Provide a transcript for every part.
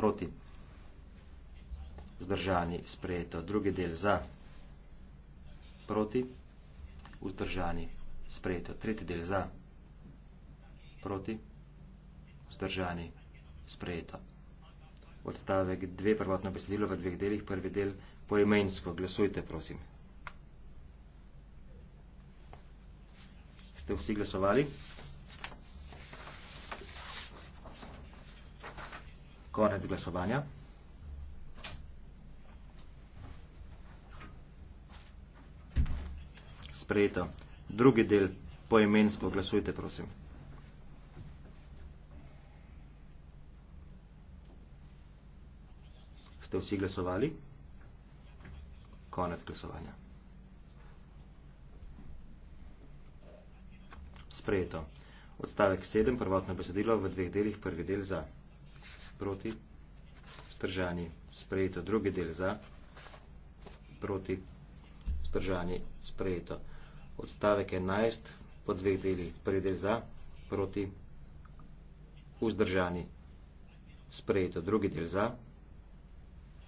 proti. Vzdržani, sprejeto. Drugi del za, proti. Vzdržani, sprejeto. Tretji del za, proti. Vzdržani, sprejeto. Odstavek dve, prvotno besedilo v dveh delih, prvi del poimensko. Glasujte, prosim. Ste vsi glasovali? Konec glasovanja. Sprejeto. Drugi del. Poimensko glasujte, prosim. Ste vsi glasovali? Konec glasovanja. Sprejeto. Odstavek 7, prvotno besedilo v dveh delih, prvi del za proti, vzdržani, sprejeto, drugi del za, proti, vzdržani, sprejeto. Odstavek 11, po dveh deli, prvi del za, proti, vzdržani, sprejeto, drugi del za,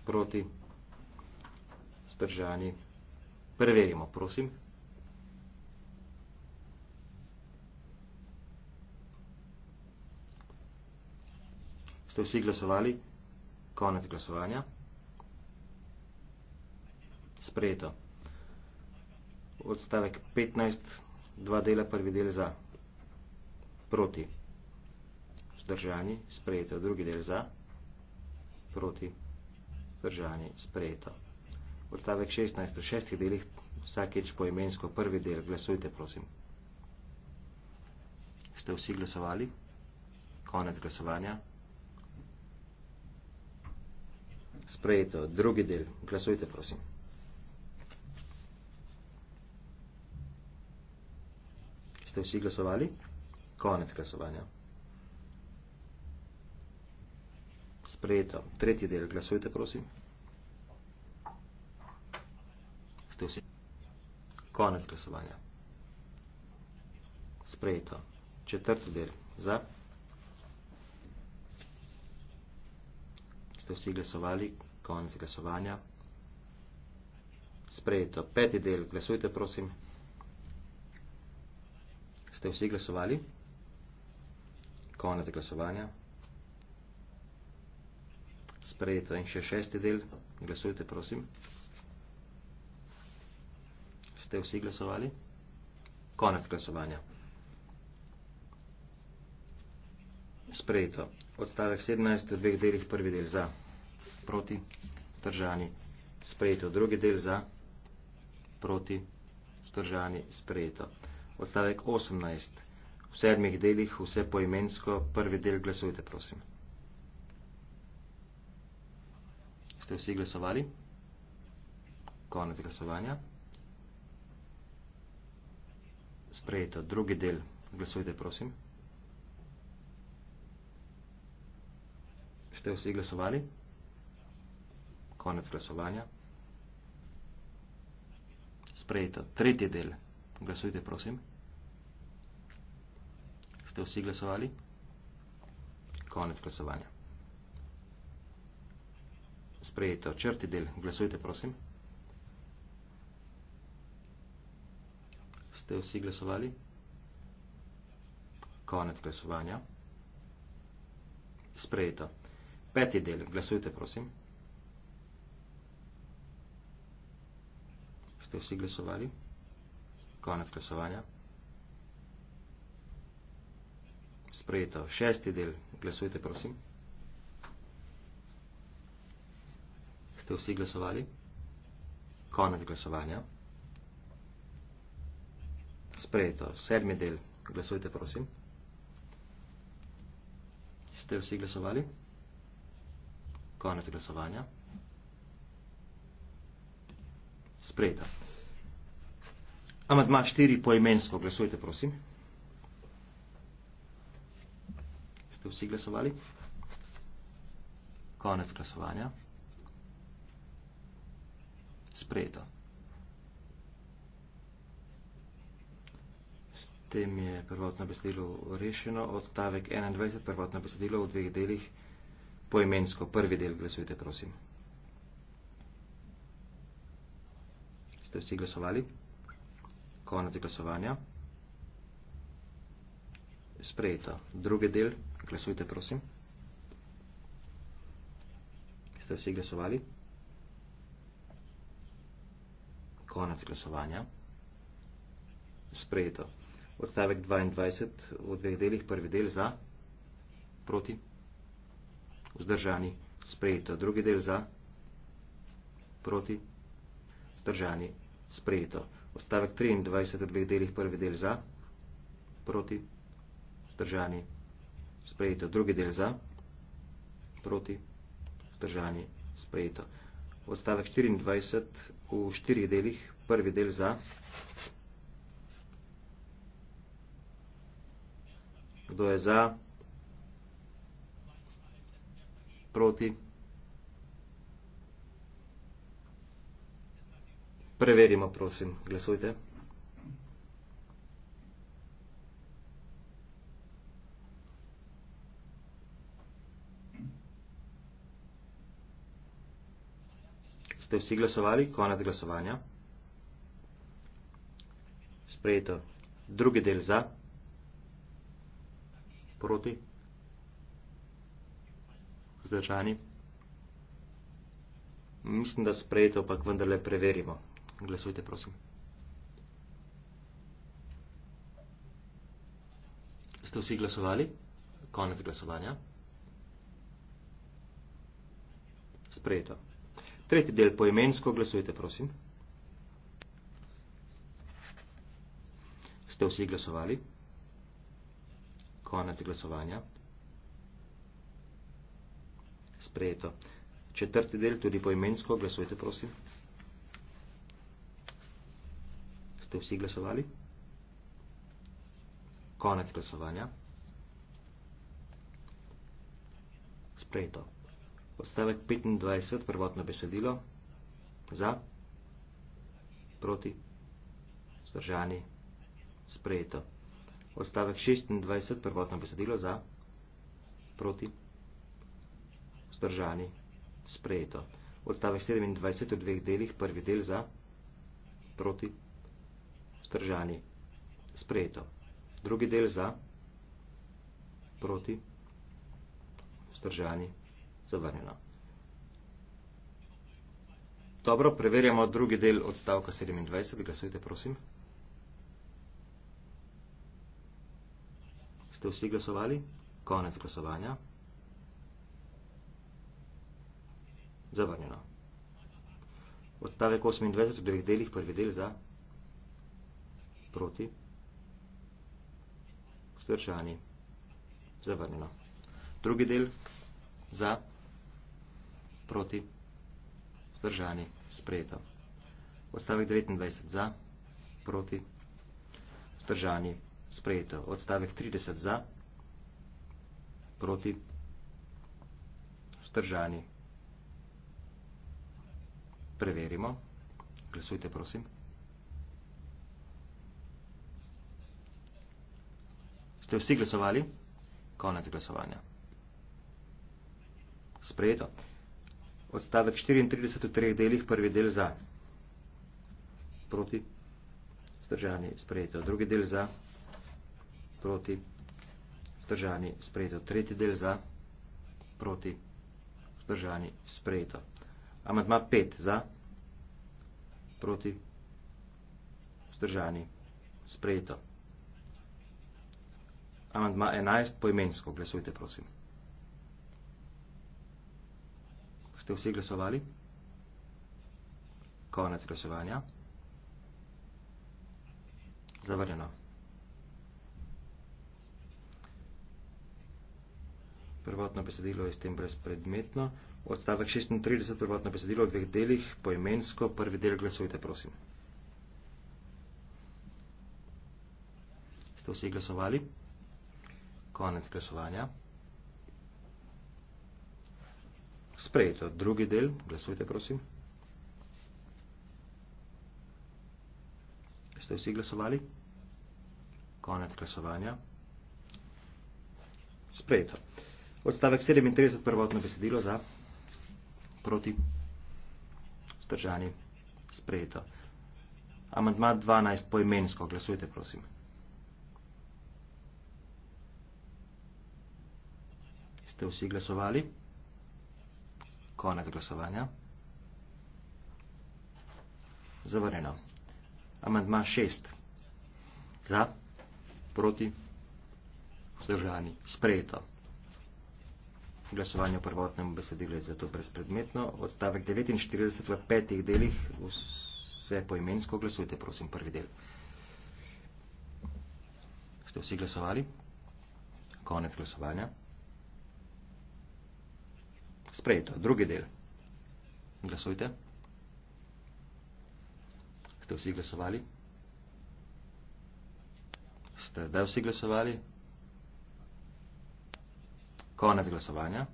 proti, vzdržani, preverimo, prosim. ste vsi glasovali? Konec glasovanja. Sprejeto. Odstavek 15, dva dela, prvi del za, proti, zdržani, sprejeto, drugi del za, proti, zdržani, sprejeto. Odstavek 16, v šestih delih, vsakeč po imensko, prvi del, glasujte, prosim. Ste vsi glasovali? Konec glasovanja. sprejeto. Drugi del. Glasujte, prosim. Ste vsi glasovali? Konec glasovanja. Sprejeto. Tretji del. Glasujte, prosim. Ste vsi? Konec glasovanja. Sprejeto. Četrti del. Za? Za? ste vsi glasovali, konec glasovanja. Sprejeto, peti del, glasujte prosim. Ste vsi glasovali, konec glasovanja. Sprejeto in še šesti del, glasujte prosim. Ste vsi glasovali, konec glasovanja. Sprejeto odstavek 17 v dveh delih, prvi del za, proti, držani, sprejeto, drugi del za, proti, držani, sprejeto. Odstavek 18 v sedmih delih, vse poimensko, prvi del glasujte, prosim. Ste vsi glasovali? Konec glasovanja. Sprejeto, drugi del glasujte, prosim. Ste vsi glasovali? Konec glasovanja. Sprejeto. Tretji del. Glasujte, prosim. Ste vsi glasovali? Konec glasovanja. Sprejeto. Črti del. Glasujte, prosim. Ste vsi glasovali? Konec glasovanja. Sprejeto. Peti del, glasujte, prosim. Ste vsi glasovali? Konec glasovanja. Sprejeto. Šesti del, glasujte, prosim. Ste vsi glasovali? Konec glasovanja. Sprejeto. Sedmi del, glasujte, prosim. Ste vsi glasovali? Sprejeto. Konec glasovanja. Sprejeta. Amadma štiri poimensko. Glasujte, prosim. Ste vsi glasovali? Konec glasovanja. Sprejeta. S tem je prvotno besedilo rešeno, odstavek 21, prvotno besedilo v dveh delih poimensko. Prvi del glasujte, prosim. Ste vsi glasovali? Konec glasovanja. Sprejeto. Drugi del glasujte, prosim. Ste vsi glasovali? Konec glasovanja. Sprejeto. Odstavek 22 v dveh delih. Prvi del za. Proti vzdržani, sprejeto. Drugi del za, proti, vzdržani, sprejeto. Odstavek 23 v dveh delih, prvi del za, proti, vzdržani, sprejeto. Drugi del za, proti, vzdržani, sprejeto. Odstavek 24 v štirih delih, prvi del za, kdo je za, proti, vzdržani, sprejeto. proti. Preverimo, prosim, glasujte. Ste vsi glasovali? Konec glasovanja. Sprejeto. Drugi del za. Proti vzdržani? Mislim, da sprejeto, pak vendarle preverimo. Glasujte, prosim. Ste vsi glasovali? Konec glasovanja. Sprejeto. Tretji del poimensko, glasujte, prosim. Ste vsi glasovali? Konec glasovanja sprejeto. Četrti del, tudi poimensko, glasujte prosim. Ste vsi glasovali? Konec glasovanja. Sprejeto. Odstavek 25, prvotno besedilo. Za? Proti? Zdržani? Sprejeto. Odstavek 26, prvotno besedilo. Za? Proti? Zdržani? vzdržani. Sprejeto. Odstavek 27 v dveh delih, prvi del za, proti, vzdržani. Sprejeto. Drugi del za, proti, vzdržani, zavrnjeno. Dobro, preverjamo drugi del odstavka 27. Glasujte, prosim. Ste vsi glasovali? Konec glasovanja. zavrnjeno. Odstavek 28 v dveh delih, prvi del za proti, vzdržani, zavrnjeno. Drugi del za proti, vzdržani, sprejeto. Odstavek 29 za proti, vzdržani, sprejeto. Odstavek 30 za proti, vzdržani, sprejeto. Preverimo. Glasujte, prosim. Ste vsi glasovali? Konec glasovanja. Sprejeto. Odstavek 34 v treh delih, prvi del za. Proti. Zdržani, sprejeto. Drugi del za. Proti. Zdržani, sprejeto. Tretji del za. Proti. Zdržani, sprejeto. Amantma 5 za, proti, vzdržani, sprejeto. Amantma 11 poimensko, glasujte prosim. Ste vsi glasovali? Konec glasovanja. Zavrjeno. Prvotno besedilo je s tem brezpredmetno. Odstavek 36 prvotno besedilo v dveh delih, poimensko, prvi del glasujte, prosim. Ste vsi glasovali? Konec glasovanja. Sprejeto, drugi del, glasujte, prosim. Ste vsi glasovali? Konec glasovanja. Sprejeto. Odstavek 37 prvotno besedilo za proti vzdržani sprejeto. Amandma 12 poimensko, glasujte prosim. Ste vsi glasovali? Konec glasovanja. Zavrjeno. Amandma 6. Za, proti, vzdržani, sprejeto glasovanje o prvotnem besedilu je zato brezpredmetno. Odstavek 49 v petih delih, vse poimensko glasujte, prosim, prvi del. Ste vsi glasovali? Konec glasovanja. Sprejeto, drugi del. Glasujte. Ste vsi glasovali? Ste zdaj vsi glasovali? Konec glasovanja.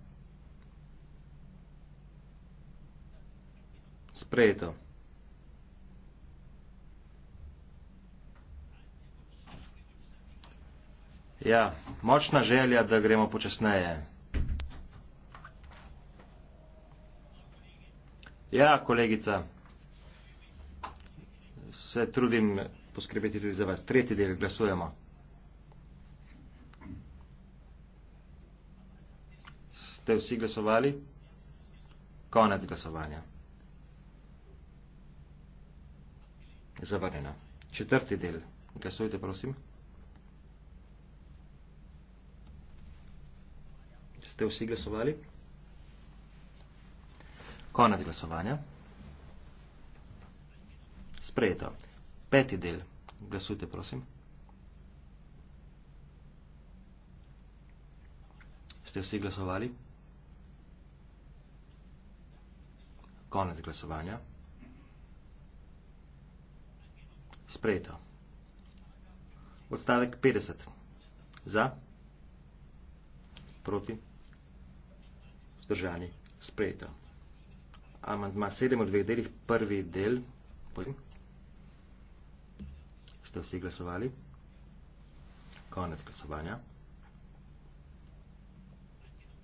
Sprejeto. Ja, močna želja, da gremo počasneje. Ja, kolegica, se trudim poskrbeti tudi za vas. Tretji del glasujemo. ste vsi glasovali? Konec glasovanja. Zavrnjeno. Četrti del. Glasujte, prosim. Ste vsi glasovali? Konec glasovanja. Sprejeto. Peti del. Glasujte, prosim. Ste vsi glasovali? Konec glasovanja. Sprejeto. Odstavek 50. Za. Proti. Vzdržani. Sprejeto. Amandma 7 v dveh delih. Prvi del. Potem. Ste vsi glasovali. Konec glasovanja.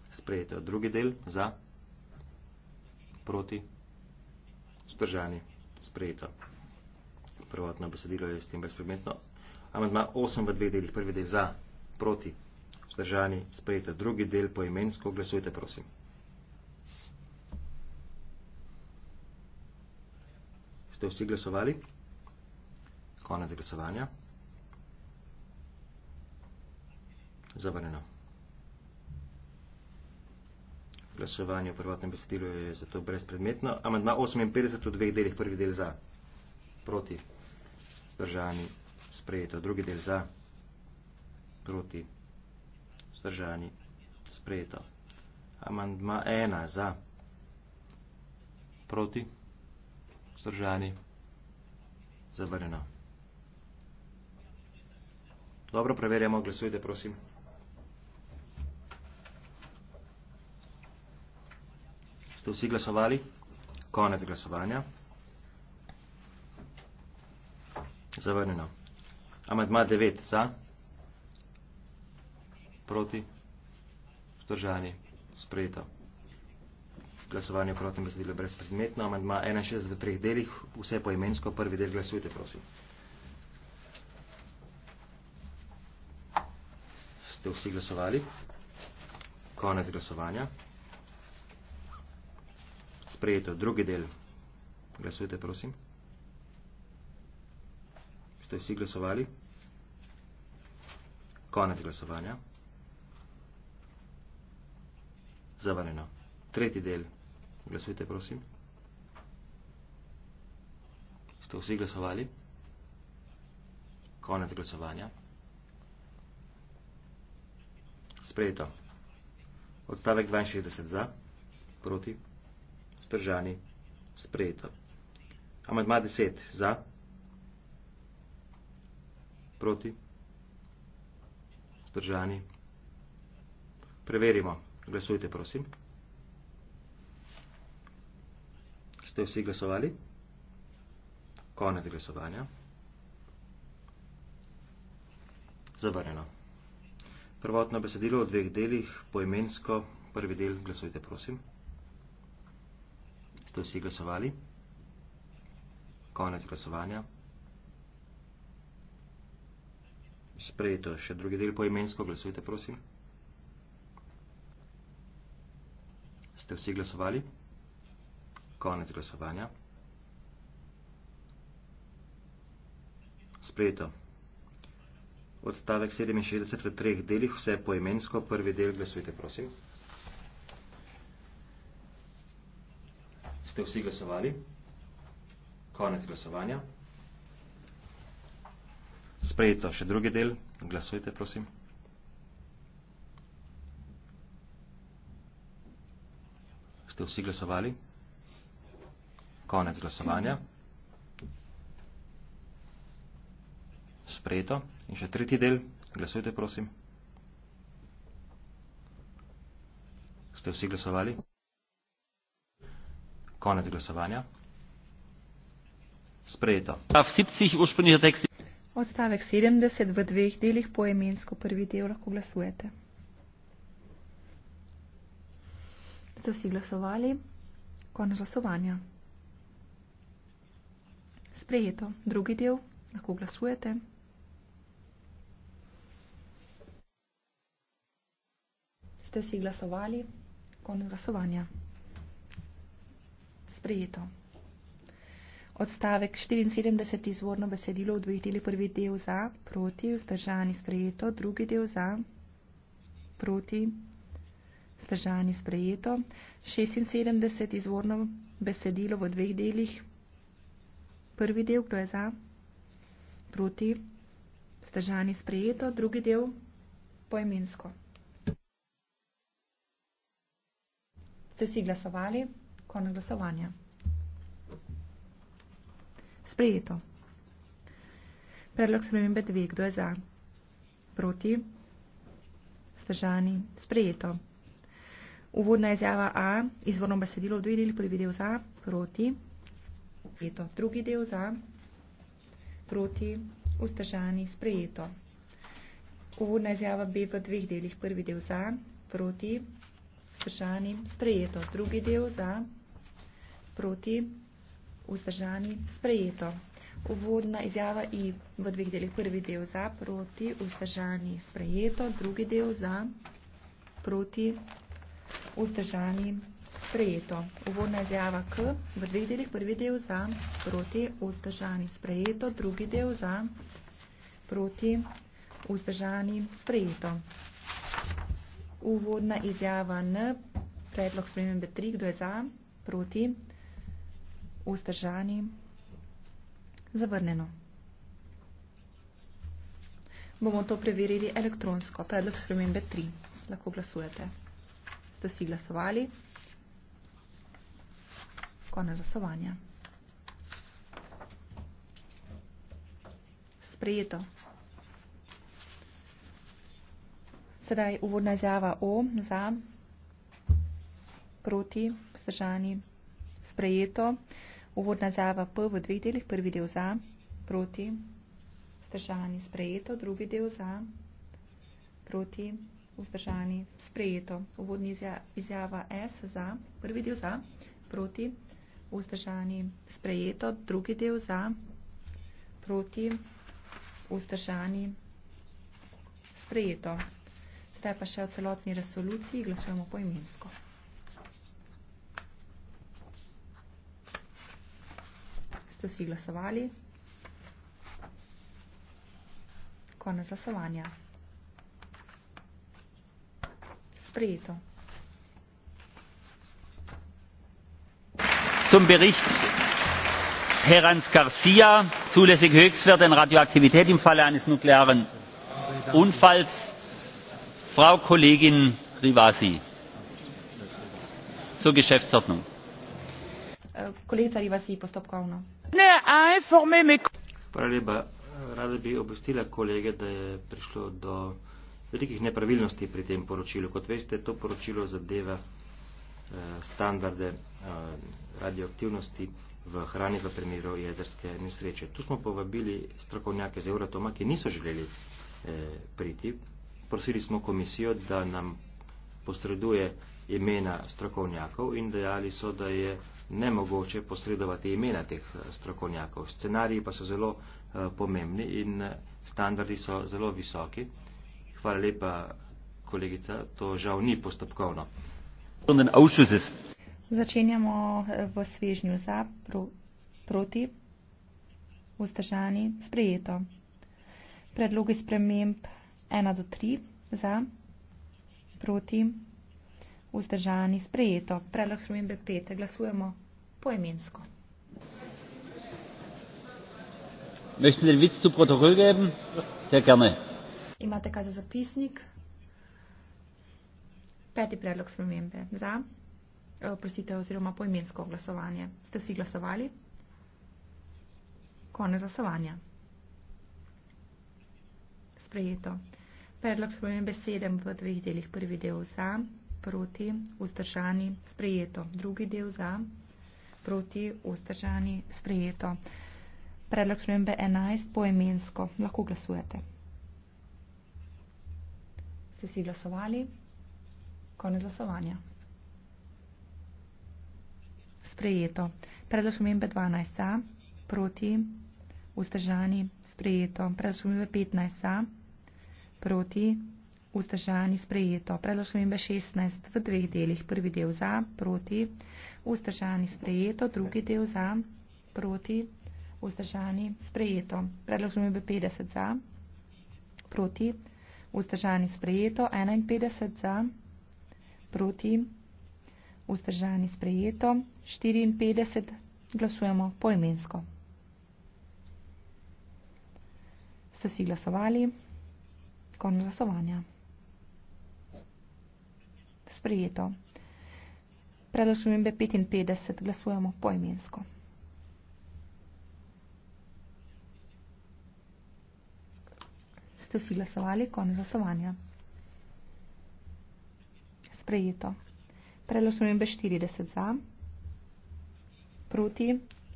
Sprejeto. Drugi del. Za. Za proti, zdržani, sprejeto. Prvotno besedilo je s tem brezpredmetno. Amandma 8 v dveh delih. Prvi del za, proti, zdržani, sprejeto. Drugi del poimensko. Glasujte, prosim. Ste vsi glasovali? Konec glasovanja. Zavrneno glasovanje v prvotnem besedilu je zato brezpredmetno. Amandma 58 v dveh delih, prvi del za, proti, zdržani, sprejeto, drugi del za, proti, zdržani, sprejeto. Amandma 1 za, proti, zdržani, zavrjeno. Dobro, preverjamo, glasujte, prosim. Ste vsi glasovali? Konec glasovanja. Zavrnjeno. Amadma 9 za. Proti. Vzdržani. Sprejeto. Glasovanje v protnem besedilu je brezpredmetno. Amadma 61 v treh delih. Vse poimensko. Prvi del glasujte, prosim. Ste vsi glasovali? Konec glasovanja sprejeto. Drugi del. Glasujte, prosim. Ste vsi glasovali? Konec glasovanja. Zavarjeno. Tretji del. Glasujte, prosim. Ste vsi glasovali? Konec glasovanja. Sprejeto. Odstavek 62 za, proti vzdržani sprejeto. Amadma 10 za, proti, vzdržani. Preverimo. Glasujte, prosim. Ste vsi glasovali? Konec glasovanja. Zavrneno. Prvotno besedilo v dveh delih, poimensko, prvi del, glasujte, prosim ste vsi glasovali? Konec glasovanja. Sprejeto še drugi del poimensko, glasujte prosim. Ste vsi glasovali? Konec glasovanja. Sprejeto. Odstavek 67 v treh delih, vse poimensko, prvi del glasujte prosim. ste vsi glasovali. Konec glasovanja. Sprejeto še drugi del. Glasujte, prosim. Ste vsi glasovali. Konec glasovanja. Sprejeto. In še tretji del. Glasujte, prosim. Ste vsi glasovali? Konec glasovanja. Sprejeto. Odstavek 70 v dveh delih poemensko prvi del lahko glasujete. Ste vsi glasovali? Konec glasovanja. Sprejeto. Drugi del lahko glasujete. Ste vsi glasovali? Konec glasovanja sprejeto. Odstavek 74 izvorno besedilo v dveh deli prvi del za, proti, vzdržani sprejeto, drugi del za, proti, vzdržani sprejeto, 76 izvorno besedilo v dveh delih, prvi del, kdo je za, proti, vzdržani sprejeto, drugi del poimensko. Ste vsi glasovali? Konec glasovanja. Sprejeto. Predlog spremembe dve. Kdo je za? Proti? Zdržani? Sprejeto. Uvodna izjava A. Izvorno besedilo v dve deli prvi del za. Proti? Sprejeto. Drugi del za. Proti? Vzdržani? Sprejeto. Uvodna izjava B. V dveh delih prvi del za. Proti? Vzdržani? Sprejeto. Drugi del za. Proti? proti vzdržani sprejeto. Uvodna izjava I v dveh delih. Prvi del za proti vzdržani sprejeto, drugi del za proti vzdržani sprejeto. Uvodna izjava K v dveh delih. Prvi del za proti vzdržani sprejeto, drugi del za proti vzdržani sprejeto. Uvodna izjava N, predlog spremembe 3, kdo je za, proti vzdržani sprejeto vzdržani, zavrneno. Bomo to preverili elektronsko. Predlog spremembe 3. Lahko glasujete. Ste si glasovali? Konec glasovanja. Sprejeto. Sedaj uvodna izjava o za, proti, vzdržani, sprejeto. Uvodna zava P v dveh delih, prvi del za, proti, vzdržani, sprejeto, drugi del za, proti, vzdržani, sprejeto. Uvodni izjava S za, prvi del za, proti, vzdržani, sprejeto, drugi del za, proti, vzdržani, sprejeto. Sedaj pa še o celotni resoluciji glasujemo poimensko. imensko. ste si glasovali. Konec glasovanja. Sprejeto. Zum Bericht Herans Garcia, zulässige Höchstwerte in Radioaktivität im Falle eines nuklearen Unfalls. Frau Kollegin Rivasi, zur Geschäftsordnung. Äh, Kollegin Rivasi, postopkovno ne, a informe me. Hvala lepa. Rada bi obvestila kolege, da je prišlo do velikih nepravilnosti pri tem poročilu. Kot veste, to poročilo zadeva eh, standarde eh, radioaktivnosti v hrani v primeru jedrske nesreče. Tu smo povabili strokovnjake z Euratoma, ki niso želeli eh, priti. Prosili smo komisijo, da nam posreduje imena strokovnjakov in dejali so, da je nemogoče posredovati imena teh eh, strokovnjakov. Scenariji pa so zelo eh, pomembni in eh, standardi so zelo visoki. Hvala lepa, kolegica, to žal ni postopkovno. Začenjamo v svežnju za, pro, proti, vzdržani, sprejeto. Predlogi sprememb 1 do 3 za, proti, Vzdržani sprejeto. Predlog spremembe pete glasujemo poemensko. Möchten Sie den Witz zu Protokoll geben? Sehr gerne. Imate kaj za zapisnik? Peti predlog spremembe. Za? Eh, Prosite, oziroma poimensko glasovanje. Ste vsi glasovali? Konec glasovanja. Sprejeto. Predlog spremembe sedem v dveh delih. Prvi del za, proti, vzdržani, sprejeto. Drugi del za, proti, vzdržani, sprejeto. Predlog spremembe 11 poemensko. Lahko glasujete. Ste vsi glasovali? Konec glasovanja. Sprejeto. Predlog spremembe 12 za, proti, vzdržani, sprejeto. Predlog spremembe 15 za, proti, vzdržani, sprejeto. Vzdržani sprejeto. Predlog spremembe 16 v dveh delih. Prvi del za, proti. Vzdržani sprejeto. Drugi del za, proti. Vzdržani sprejeto. Predlog spremembe 50 za, proti. Vzdržani sprejeto. 51 za, proti. Vzdržani sprejeto. 54 glasujemo poimensko. Ste si glasovali? Konec glasovanja sprejeto. Predlog spremembe 55 glasujemo poimensko. Ste vsi glasovali? Konec glasovanja. Sprejeto. Predlog spremembe 40 za. Proti.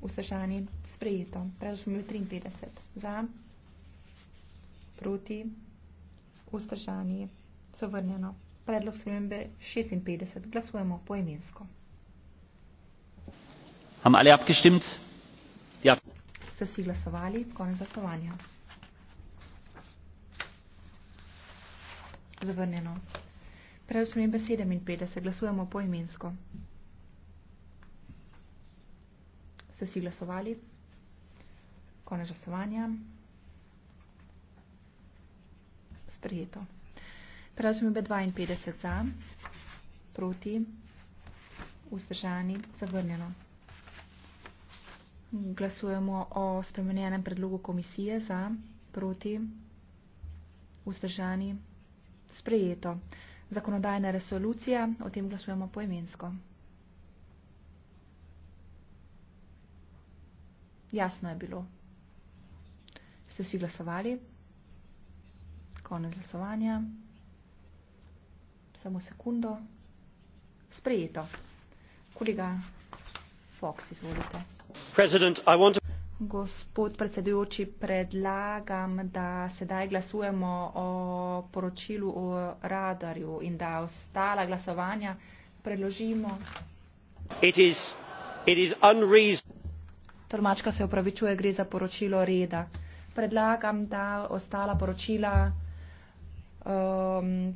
Vstržani. Sprejeto. Predlog spremembe 53 za. Proti. Vstržani. Zavrnjeno predlog spremembe 56. Glasujemo poemensko. Ja. Ste vsi glasovali? Konec glasovanja. Zavrnjeno. Predlog spremembe 57. Glasujemo poemensko. Ste vsi glasovali? Konec glasovanja. Sprejeto. Prosim obe 52 za, proti, vzdržani, zavrnjeno. Glasujemo o spremenjenem predlogu komisije za, proti, vzdržani, sprejeto. Zakonodajna resolucija, o tem glasujemo poemensko. Jasno je bilo. Ste vsi glasovali? Konec glasovanja. Konec glasovanja. Samo sekundo. Sprejeto. Kolega Fox, izvolite. Gospod predsedujoči, predlagam, da sedaj glasujemo o poročilu o radarju in da ostala glasovanja preložimo. Tormačka se upravičuje, gre za poročilo reda. Predlagam, da ostala poročila um,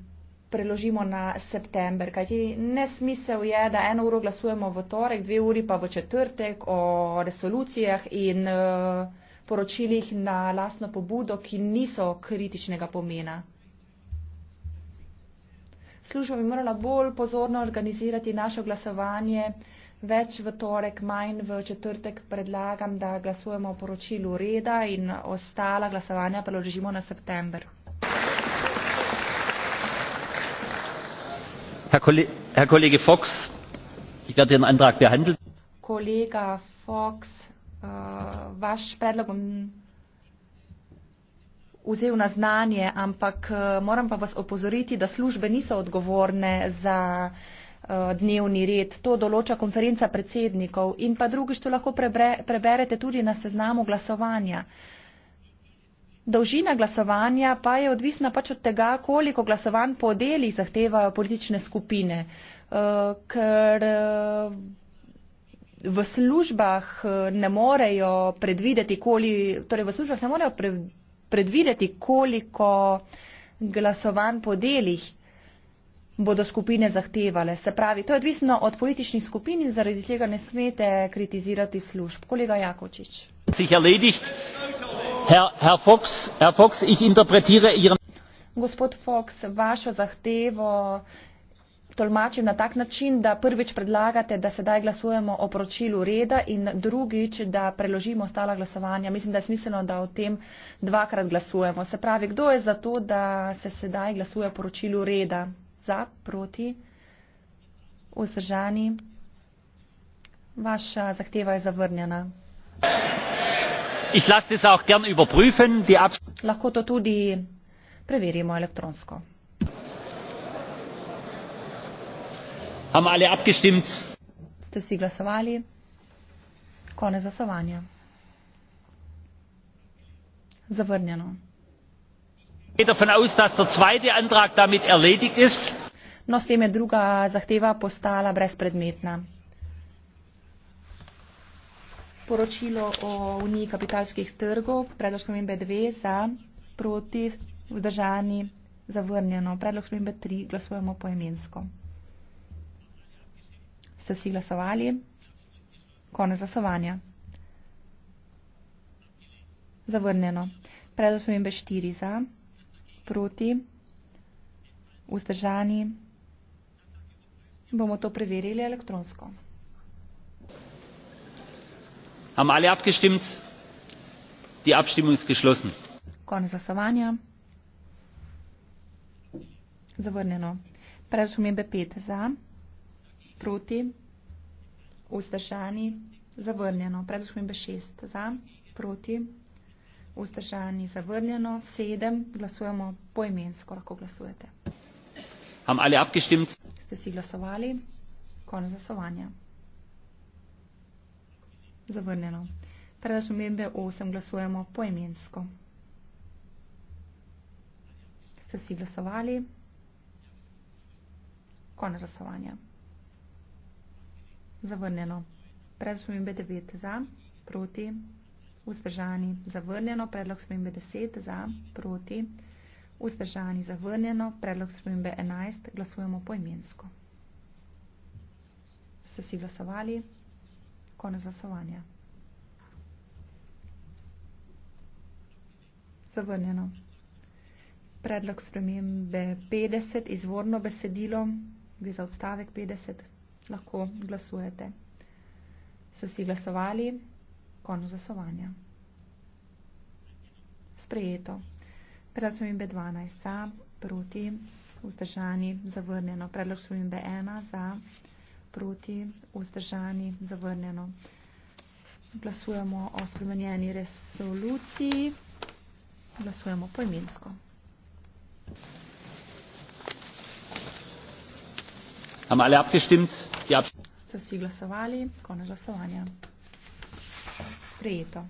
preložimo na september, kajti nesmisel je, da eno uro glasujemo v torek, dve uri pa v četrtek o resolucijah in eh, poročilih na lasno pobudo, ki niso kritičnega pomena. Služba bi morala bolj pozorno organizirati naše glasovanje, več v torek, manj v četrtek predlagam, da glasujemo o poročilu reda in ostala glasovanja preložimo na september. herr kollege fox ich werde den antrag behandeln. kollege fox eh, vaš predlog vzel na znanje ampak eh, moram pa vas opozoriti da službe niso odgovorne za eh, dnevni red to določa konferenca predsednikov in pa drugič to lahko prebere, preberete tudi na seznamu glasovanja. Dolžina glasovanja pa je odvisna pač od tega, koliko glasovanj po delih zahtevajo politične skupine, eh, ker eh, v službah eh, ne morejo predvideti, koli, torej v službah ne morejo predvideti, koliko glasovanj po delih bodo skupine zahtevale. Se pravi, to je odvisno od političnih skupin in zaradi tega ne smete kritizirati služb. Kolega Jakočič gospod fox vašo zahtevo tolmačim na tak način da prvič predlagate da sedaj glasujemo o poročilu reda in drugič da preložimo ostala glasovanja mislim da je smiselno da o tem dvakrat glasujemo se pravi kdo je za to da se sedaj glasuje o poročilu reda za proti vzdržani vaša zahteva je zavrnjena lahko to tudi preverimo elektronsko. Ste vsi glasovali? Konec glasovanja. Zavrnjeno. No, s tem je druga zahteva postala brezpredmetna poročilo o uniji kapitalskih trgov, predlog spremembe 2 za, proti, vzdržani, zavrnjeno, predlog spremembe 3 glasujemo poemensko. Ste vsi glasovali? Konec glasovanja. Zavrnjeno. Predlog spremembe 4 za, proti, vzdržani, bomo to preverili elektronsko haben alle abgestimmt? die abstimmung ist geschlossen. Zavrnjeno. Prešum je B5 za, proti, vzdržani, zavrnjeno. Prešum je B6 za, proti, vzdržani, zavrnjeno. Sedem, glasujemo poimensko, lahko glasujete. Ste vsi glasovali? Konec glasovanja. Zavrnjeno. Predaš omembe 8 glasujemo poemensko. Ste vsi glasovali? Konec glasovanja. Zavrnjeno. Predaš omembe 9 za, proti, vzdržani, zavrnjeno. Predlog omembe 10 za, proti, vzdržani, zavrnjeno. Predlog omembe 11 glasujemo poemensko. Ste vsi glasovali? Zavrnjeno. Koniec glasovanja. Zavrnjeno. Predlog spremembe 50, izvorno besedilo, gre za odstavek 50, lahko glasujete. So vsi glasovali? Konec glasovanja. Sprejeto. Predlog spremembe 12, za, proti, vzdržani, zavrnjeno. Predlog spremembe 1, za proti, vzdržani, zavrnjeno. Glasujemo o spremenjeni resoluciji. Glasujemo poimensko. Ja. Ste vsi glasovali, konec glasovanja. Sprejeto.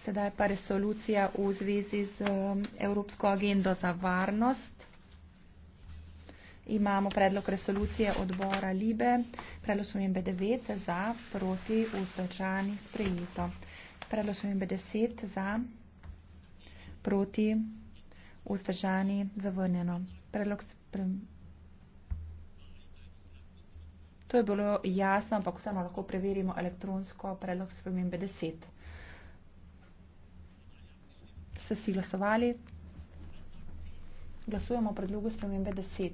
Sedaj pa resolucija v zvezi z um, Evropsko agendo za varnost imamo predlog resolucije odbora Libe, predlog sumembe 9 za, proti, vzdržani, sprejeto. Predlog sumembe 10 za, proti, vzdržani, zavrnjeno. Predlog spre... To je bilo jasno, ampak vseeno lahko preverimo elektronsko predlog spremembe 10. Ste si glasovali? Glasujemo o predlogu spremembe 10.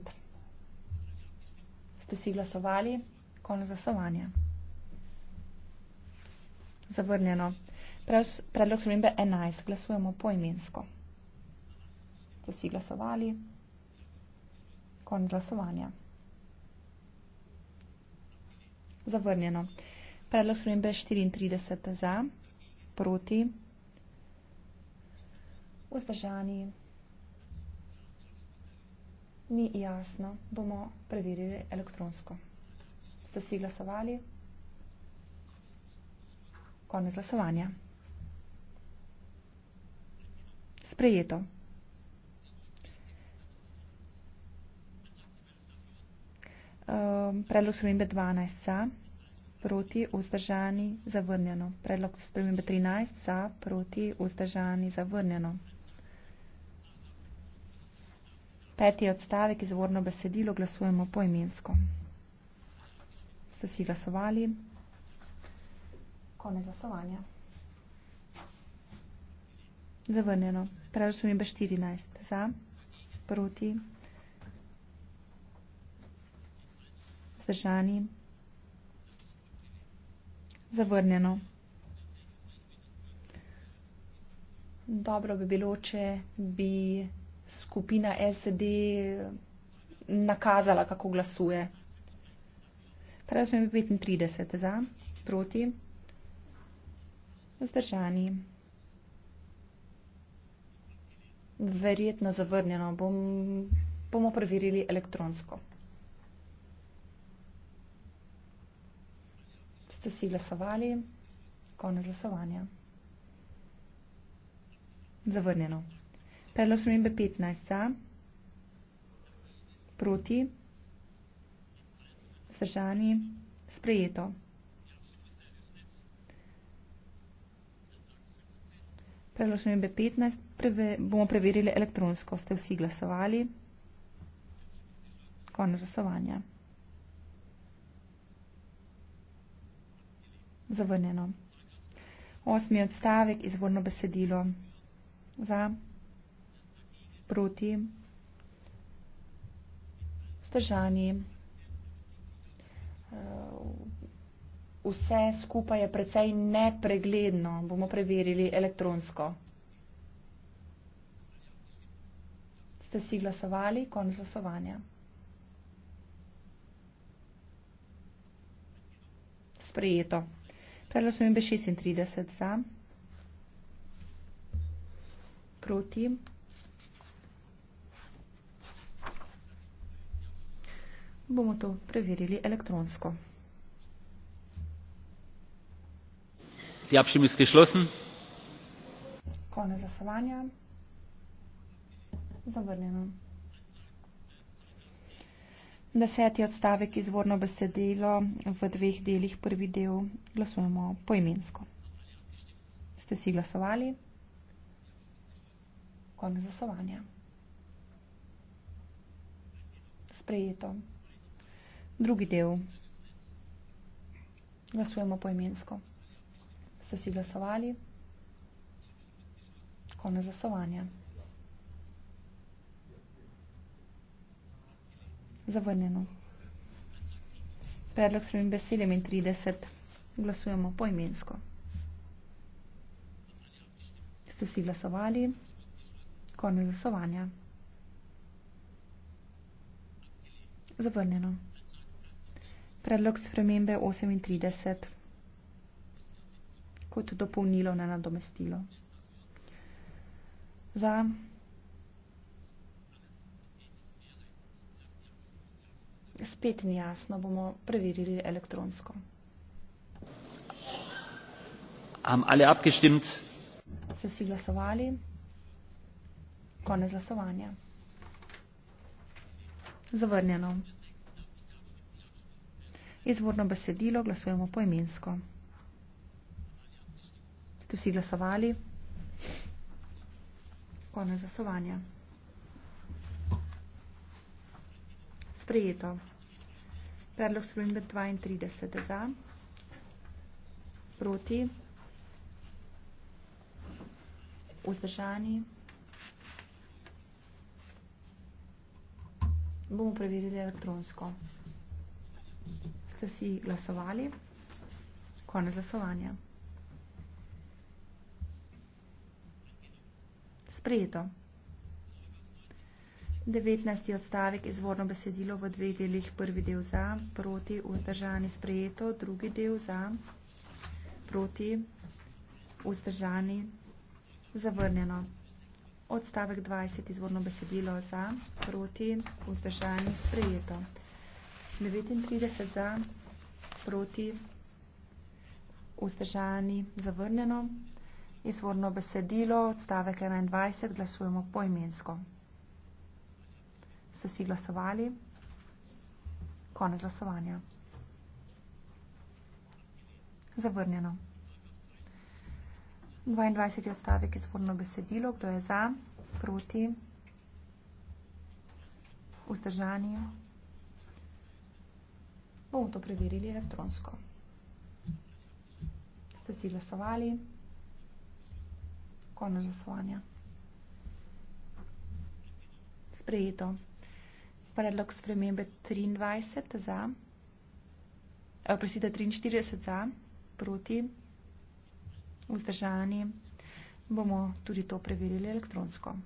Ste vsi glasovali? Konec glasovanja. Zavrnjeno. Predlog spremembe 11. Glasujemo poimensko. Ste vsi glasovali? Konec glasovanja. Zavrnjeno. Predlog spremembe 34 za, proti, vzdržani ni jasno, bomo preverili elektronsko. Ste vsi glasovali? Konec glasovanja. Sprejeto. Ehm, predlog spremembe 12 za, proti, vzdržani, zavrnjeno. Predlog spremembe 13 za, proti, vzdržani, zavrnjeno. Peti odstavek izvorno besedilo glasujemo poimensko. Ste si glasovali? Konec glasovanja. Zavrnjeno. Predlog sem imel 14. Za, proti, zdržani. Zavrnjeno. Dobro bi bilo, če bi skupina SD nakazala, kako glasuje. Prej smo imeli 35 za, proti, vzdržani. Verjetno zavrnjeno, Bom, bomo preverili elektronsko. Ste si glasovali, konec glasovanja. Zavrnjeno predlog smembe 15. Za. Proti. Zdržani. Sprejeto. Predlog smembe 15. Preve, bomo preverili elektronsko. Ste vsi glasovali? Konec glasovanja. Zavrnjeno. Osmi odstavek, izvorno besedilo. Za proti, vzdržani. Eh, vse skupaj je precej nepregledno, bomo preverili elektronsko. Ste vsi glasovali, konc glasovanja. Sprejeto. Prelo smo imeli 36 za. Proti. bomo to preverili elektronsko. Die Abstimmung ist geschlossen. Konec glasovanja. Zavrnjeno. Deseti odstavek izvorno besedilo v dveh delih prvi del glasujemo poimensko. Ste si glasovali? Konec glasovanja. Sprejeto. Drugi del. Glasujemo poimensko. Ste vsi glasovali? Konec glasovanja. Zavrnjeno. Predlog s premim besedem in 30. Glasujemo poimensko. Ste vsi glasovali? Konec glasovanja. Zavrnjeno predlog spremembe 38 kot dopolnilo na nadomestilo. Za. Spet ni jasno, bomo preverili elektronsko. Am alle abgestimmt? Ste vsi glasovali? Konec glasovanja. Zavrnjeno. Izvorno besedilo glasujemo poimensko. Ste vsi glasovali? Konec glasovanja. Sprejeto. Predlog spremembe 32 za. Proti. Vzdržani. Bomo preverili elektronsko. Thank you ste si glasovali. Konec glasovanja. Sprejeto. 19. odstavek izvorno besedilo v dveh delih. Prvi del za, proti, vzdržani, sprejeto. Drugi del za, proti, vzdržani, zavrnjeno. Odstavek 20 izvorno besedilo za, proti, vzdržani, sprejeto. 39 za, proti, vzdržani, zavrnjeno. Izvorno besedilo, odstavek 21, glasujemo poimensko. Ste si glasovali? Konec glasovanja. Zavrnjeno. 22. odstavek je zvorno besedilo. Kdo je za? Proti? Vzdržanijo? bomo to preverili elektronsko. Ste si glasovali? Konec glasovanja. Sprejeto. Predlog spremembe 23 za. Eh, Prosite, 43 za, proti, vzdržani, bomo tudi to preverili elektronsko.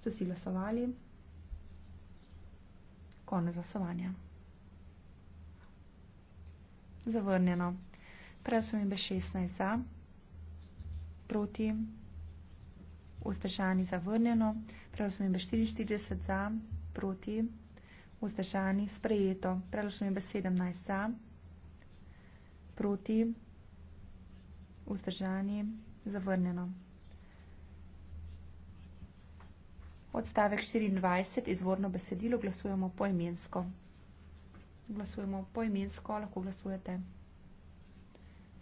Ste si glasovali? Konec zasovanja. Zavrnjeno. Presum je bez 16 za, proti, vzdržani zavrnjeno. Presum je bez 44 za, proti, vzdržani sprejeto. Presum je bez 17 za, proti, vzdržani zavrnjeno. Odstavek 24, izvorno besedilo, glasujemo poimensko. Glasujemo poimensko, lahko glasujete.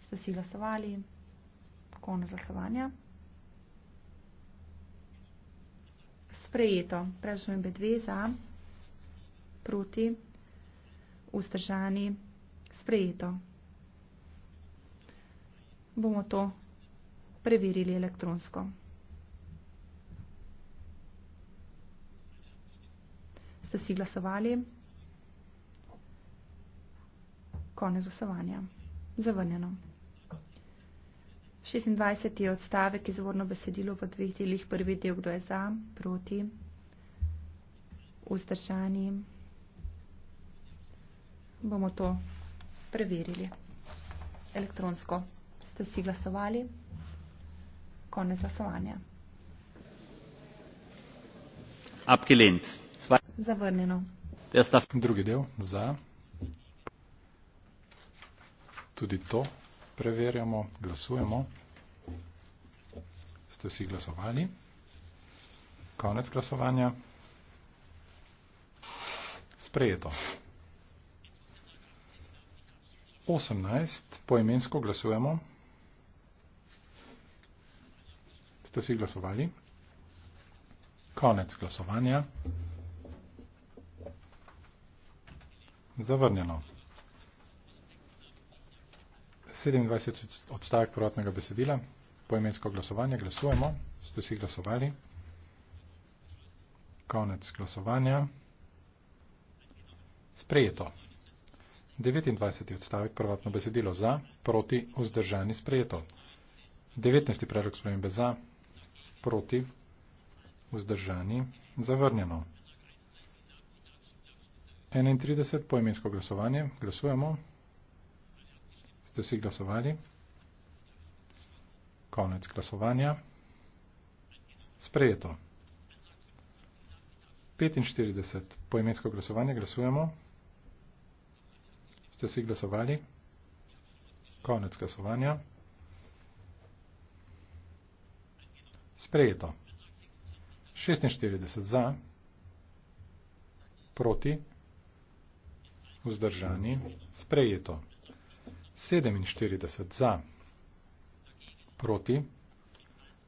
Ste si glasovali, konec glasovanja. Sprejeto, prežujem B2 za, proti, ustržani, sprejeto. Bomo to preverili elektronsko. ste si glasovali. Konec glasovanja. Zavrnjeno. 26. odstavek izvorno besedilo v dveh delih. Prvi del, kdo je za, proti, vzdržani. Bomo to preverili elektronsko. Ste vsi glasovali? Konec glasovanja. Abgelehnt. Zavrnjeno. Jaz stavim drugi del za. Tudi to preverjamo, glasujemo. Ste vsi glasovali? Konec glasovanja. Sprejeto. 18. Poimensko glasujemo. Ste vsi glasovali? Konec glasovanja. zavrnjeno. 27 odstavek prvotnega besedila, poimensko glasovanje, glasujemo, ste vsi glasovali, konec glasovanja, sprejeto. 29. odstavek prvotno besedilo za, proti, vzdržani, sprejeto. 19. predlog spremembe za, proti, vzdržani, zavrnjeno. 31, poimensko glasovanje. Glasujemo. Ste vsi glasovali? Konec glasovanja. Sprejeto. 45, poimensko glasovanje. Glasujemo. Ste vsi glasovali? Konec glasovanja. Sprejeto. 46 za, proti vzdržani, sprejeto. 47 za, proti,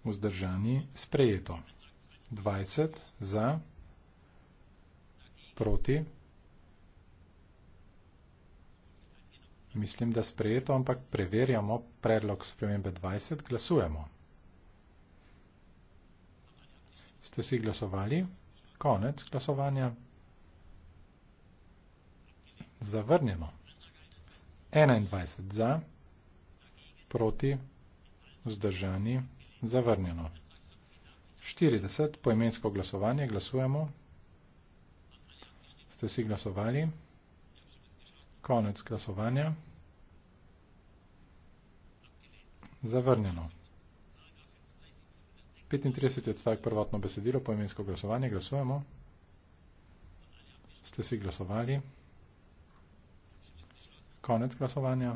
vzdržani, sprejeto. 20 za, proti, mislim, da sprejeto, ampak preverjamo predlog spremembe 20, glasujemo. Ste vsi glasovali? Konec glasovanja zavrnjeno. 21 za, proti, vzdržani, zavrnjeno. 40, poimensko glasovanje, glasujemo. Ste vsi glasovali? Konec glasovanja. Zavrnjeno. 35 je odstavek prvotno besedilo, poimensko glasovanje, glasujemo. Ste vsi glasovali? Konec glasovanja.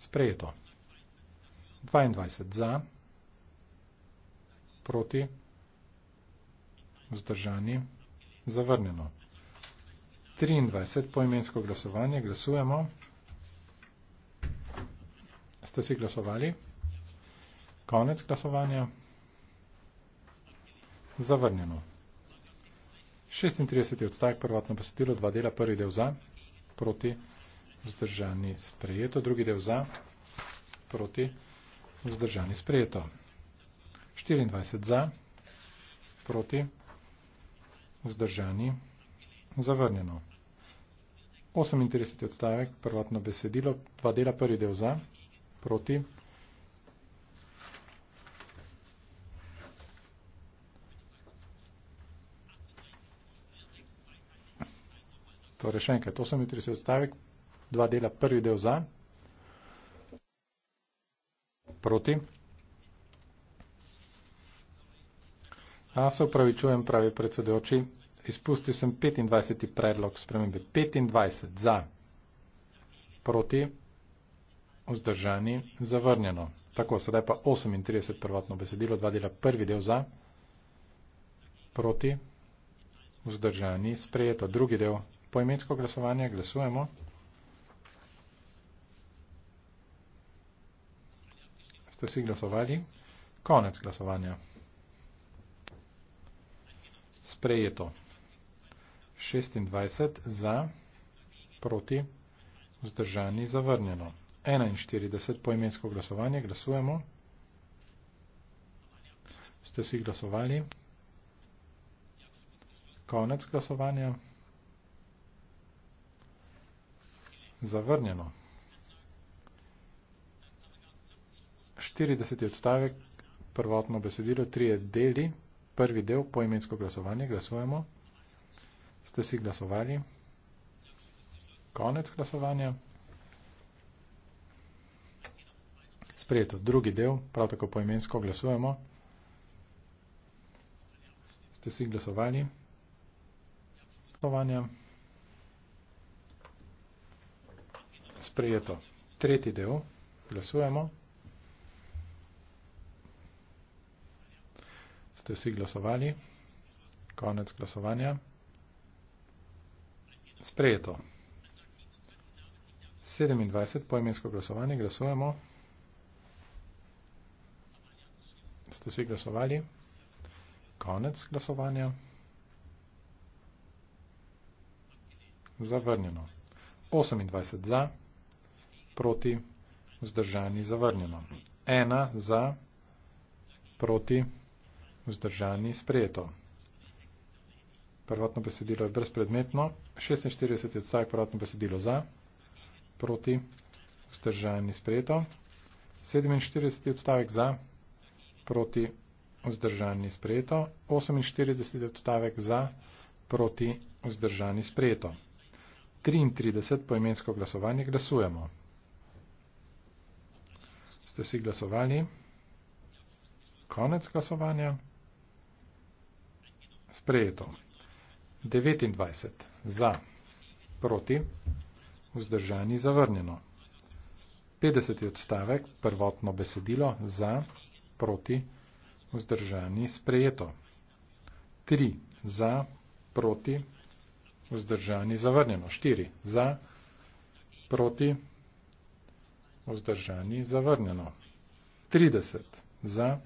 Sprejeto. 22 za, proti, vzdržani, zavrnjeno. 23 poimensko glasovanje, glasujemo. Ste si glasovali? Konec glasovanja. Zavrnjeno. 36. odstavek, prvotno besedilo, dva dela, prvi del za, proti, vzdržani, sprejeto, drugi del za, proti, vzdržani, sprejeto. 24 za, proti, vzdržani, zavrnjeno. 38. odstavek, prvotno besedilo, dva dela, prvi del za, proti, vzdržani, sprejeto. Torej še enkrat, 38 odstavek, dva dela, prvi del za, proti. A se upravičujem, pravi predsedoči, izpustil sem 25. predlog spremembe. 25 za, proti, vzdržani, zavrnjeno. Tako, sedaj pa 38 prvotno besedilo, dva dela, prvi del za, proti, vzdržani, sprejeto, drugi del poimensko glasovanje glasujemo. Ste vsi glasovali? Konec glasovanja. Sprejeto. 26 za, proti, vzdržani, zavrnjeno. 41 poimensko glasovanje glasujemo. Ste vsi glasovali? Konec glasovanja. zavrnjeno. 40. odstavek, prvotno besedilo, trije deli, prvi del, poimensko glasovanje, glasujemo. Ste si glasovali? Konec glasovanja. Sprejeto, drugi del, prav tako poimensko glasujemo. Ste si glasovali? Glasovanje. sprejeto. Tretji del, glasujemo. Ste vsi glasovali? Konec glasovanja. Sprejeto. 27 poimensko glasovanje, glasujemo. Ste vsi glasovali? Konec glasovanja. Zavrnjeno. 28 za, proti, vzdržani zavrnjeno. Ena za, proti, vzdržani sprejeto. Prvotno besedilo je brezpredmetno, 46 odstavek prvotno besedilo za, proti, vzdržani sprejeto, 47 odstavek za, proti, vzdržani sprejeto, 48 odstavek za, proti, vzdržani sprejeto. 33 poimensko glasovanje glasujemo. Ste si glasovali? Konec glasovanja? Sprejeto. 29 za, proti, vzdržani zavrnjeno. 50. odstavek, prvotno besedilo, za, proti, vzdržani sprejeto. 3 za, proti, vzdržani zavrnjeno. 4 za, proti, vzdržani zavrnjeno vzdržani, zavrnjeno. 30 za,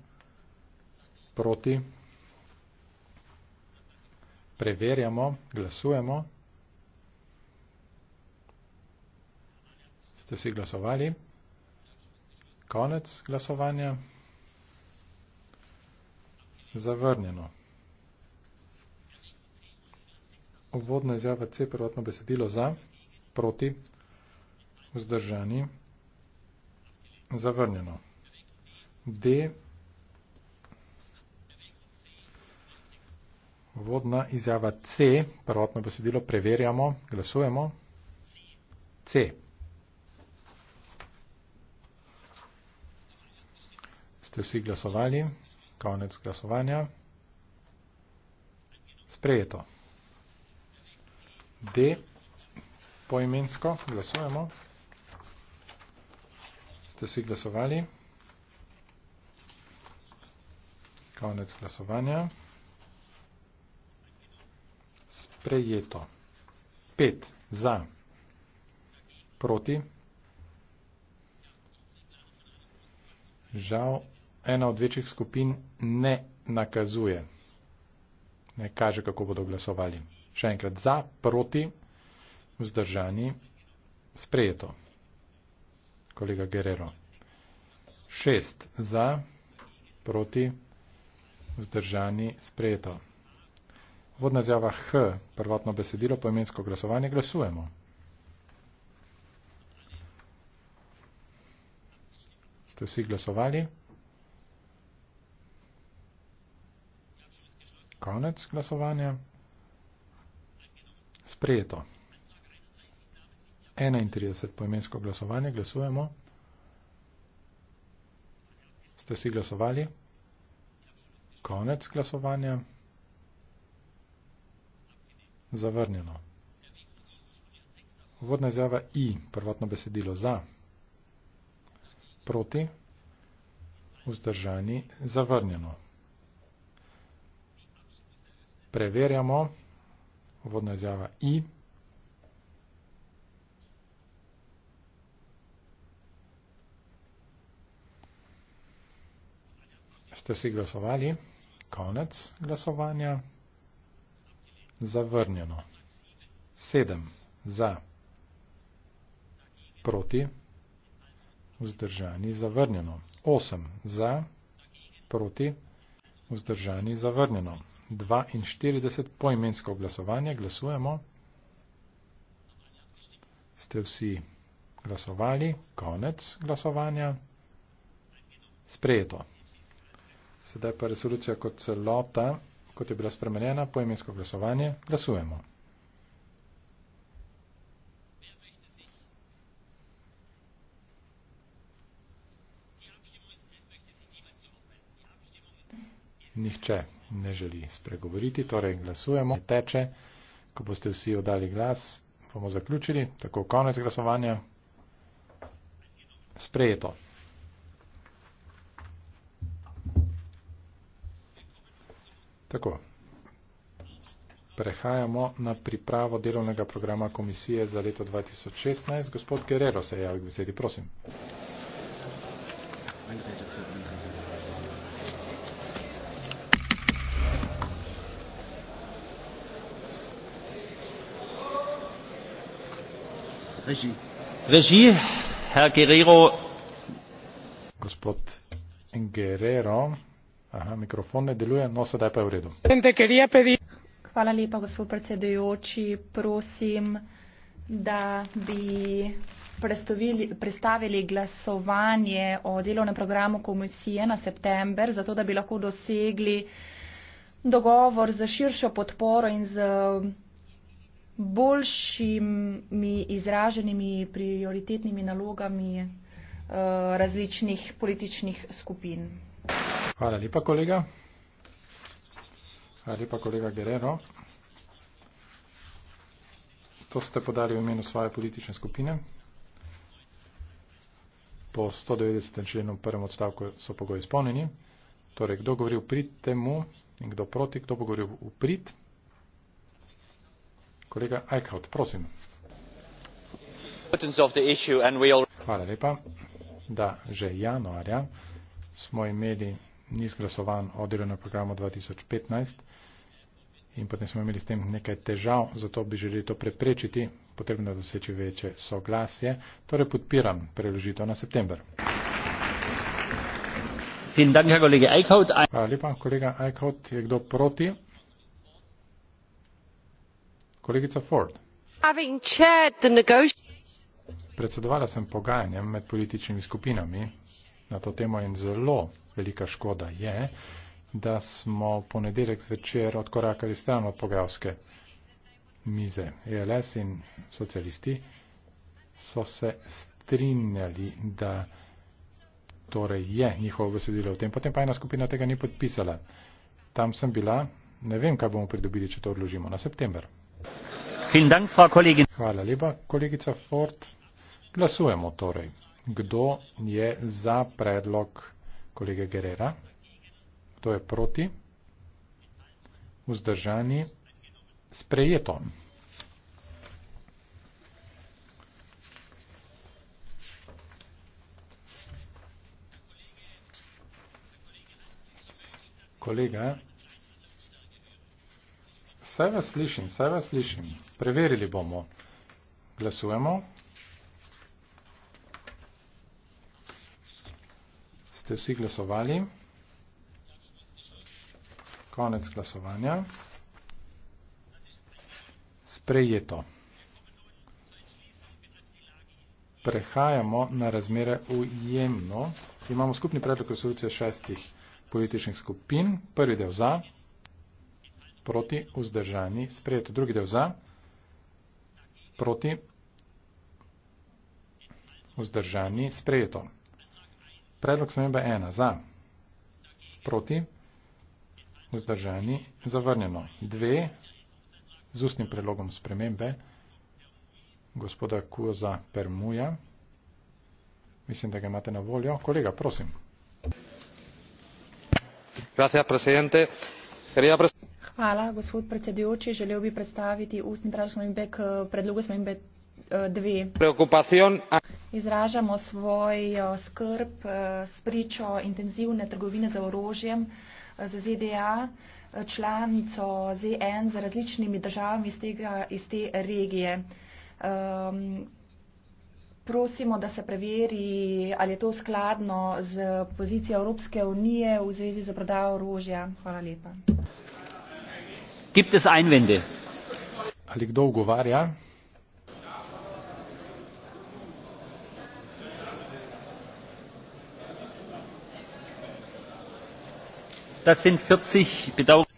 proti, preverjamo, glasujemo. Ste si glasovali? Konec glasovanja. Zavrnjeno. Uvodna izjava C, prvotno besedilo za, proti, vzdržani, zavrnjeno. D. Vodna izjava C, prvotno besedilo preverjamo, glasujemo. C. Ste vsi glasovali? Konec glasovanja. Sprejeto. D. Poimensko glasujemo ste si glasovali. Konec glasovanja. Sprejeto. 5 za. Proti. Žal, ena od večjih skupin ne nakazuje. Ne kaže, kako bodo glasovali. Še enkrat za, proti, vzdržani, sprejeto kolega Guerrero. Šest za, proti, vzdržani, sprejeto. Vodna zjava H, prvotno besedilo, poimensko glasovanje, glasujemo. Ste vsi glasovali? Konec glasovanja. Sprejeto. 31 poimensko glasovanje, glasujemo. Ste vsi glasovali? Konec glasovanja. Zavrnjeno. Vodna izjava I, prvotno besedilo za, proti, vzdržani, zavrnjeno. Preverjamo. Vodna izjava I. ste si glasovali? Konec glasovanja. Zavrnjeno. Sedem za, proti, vzdržani, zavrnjeno. Osem za, proti, vzdržani, zavrnjeno. 42 poimensko glasovanje, glasujemo. Ste vsi glasovali, konec glasovanja. Sprejeto. Sedaj pa resolucija kot celota, kot je bila spremenjena, poimensko glasovanje, glasujemo. Nihče ne želi spregovoriti, torej glasujemo. Teče, ko boste vsi oddali glas, bomo zaključili. Tako konec glasovanja. Sprejeto. Tako. Prehajamo na pripravo delovnega programa komisije za leto 2016. Gospod Guerrero se je javil k besedi, prosim. Reži, herr Guerrero. Gospod Guerrero. Aha, mikrofon ne deluje, no sedaj pa je v redu. Hvala lepa, gospod predsedujoči. Prosim, da bi predstavili glasovanje o delovnem programu komisije na september, zato da bi lahko dosegli dogovor za širšo podporo in z boljšimi izraženimi prioritetnimi nalogami eh, različnih političnih skupin. Hvala lepa, kolega. Hvala lepa, kolega Gerero. To ste podali v imenu svoje politične skupine. Po 190. členu prvem odstavku so pogoji izpolnjeni. Torej, kdo govori v prid temu in kdo proti, kdo bo govoril v prid? Kolega Eichhout, prosim. Hvala lepa, da že januarja smo imeli ni izglasovan o delovnem programu 2015 in potem smo imeli s tem nekaj težav, zato bi želeli to preprečiti, potrebno je doseči večje soglasje. Torej podpiram preložitev na september. Hvala lepa, kolega Eichhout. Je kdo proti? Kolegica Ford. Predsedovala sem pogajanjem med političnimi skupinami na to temo in zelo velika škoda je, da smo ponedeljek zvečer odkorakali stran od pogajalske mize. ELS in socialisti so se strinjali, da torej je njihovo besedilo v tem. Potem pa ena skupina tega ni podpisala. Tam sem bila, ne vem, kaj bomo pridobili, če to odložimo na september. Hvala lepa, kolegica Ford. Glasujemo torej kdo je za predlog kolege Gerera, kdo je proti, vzdržani, sprejeto. Kolega, vse vas slišim, vse vas slišim. Preverili bomo. Glasujemo. ste vsi glasovali. Konec glasovanja. Sprejeto. Prehajamo na razmere ujemno. Imamo skupni predlog resolucije šestih političnih skupin. Prvi del za, proti, vzdržani, sprejeto. Drugi del za, proti, vzdržani, sprejeto. Predlog smembe ena za, proti, vzdržani, zavrnjeno. Dve, z ustnim predlogom spremembe, gospoda Kuza Permuja. Mislim, da ga imate na voljo. Kolega, prosim. Hvala, gospod predsedujoči. Želel bi predstaviti ustni predlog smembe k predlogu smembe izražamo svojo skrb eh, spričo intenzivne trgovine z orožjem eh, z zda eh, članico zn z različnimi državami iz, tega, iz te regije. Um, prosimo, da se preveri, ali je to skladno z pozicijo Evropske unije v zvezi z prodajo orožja. Hvala lepa. Gibt es Einwände? Ali kdo ugovarja?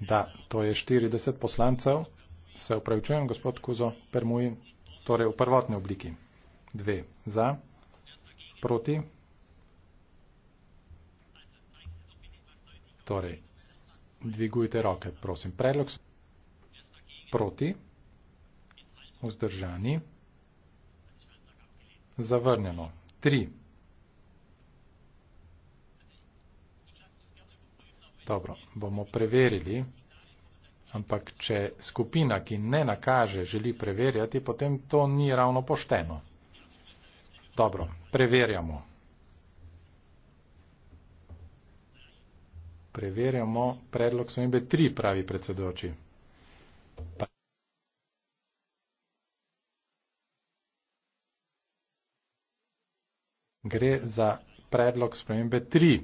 Da, to je 40 poslancev, se upravičujem, gospod Kuzo Permuji, torej v prvotni obliki. Dve za, proti. Torej, dvigujte roke, prosim. Predlog proti, vzdržani, zavrnjeno. Tri. Dobro, bomo preverili, ampak če skupina, ki ne nakaže, želi preverjati, potem to ni ravno pošteno. Dobro, preverjamo. Preverjamo predlog SMB3, pravi predsedoči. Gre za predlog spremembe 3.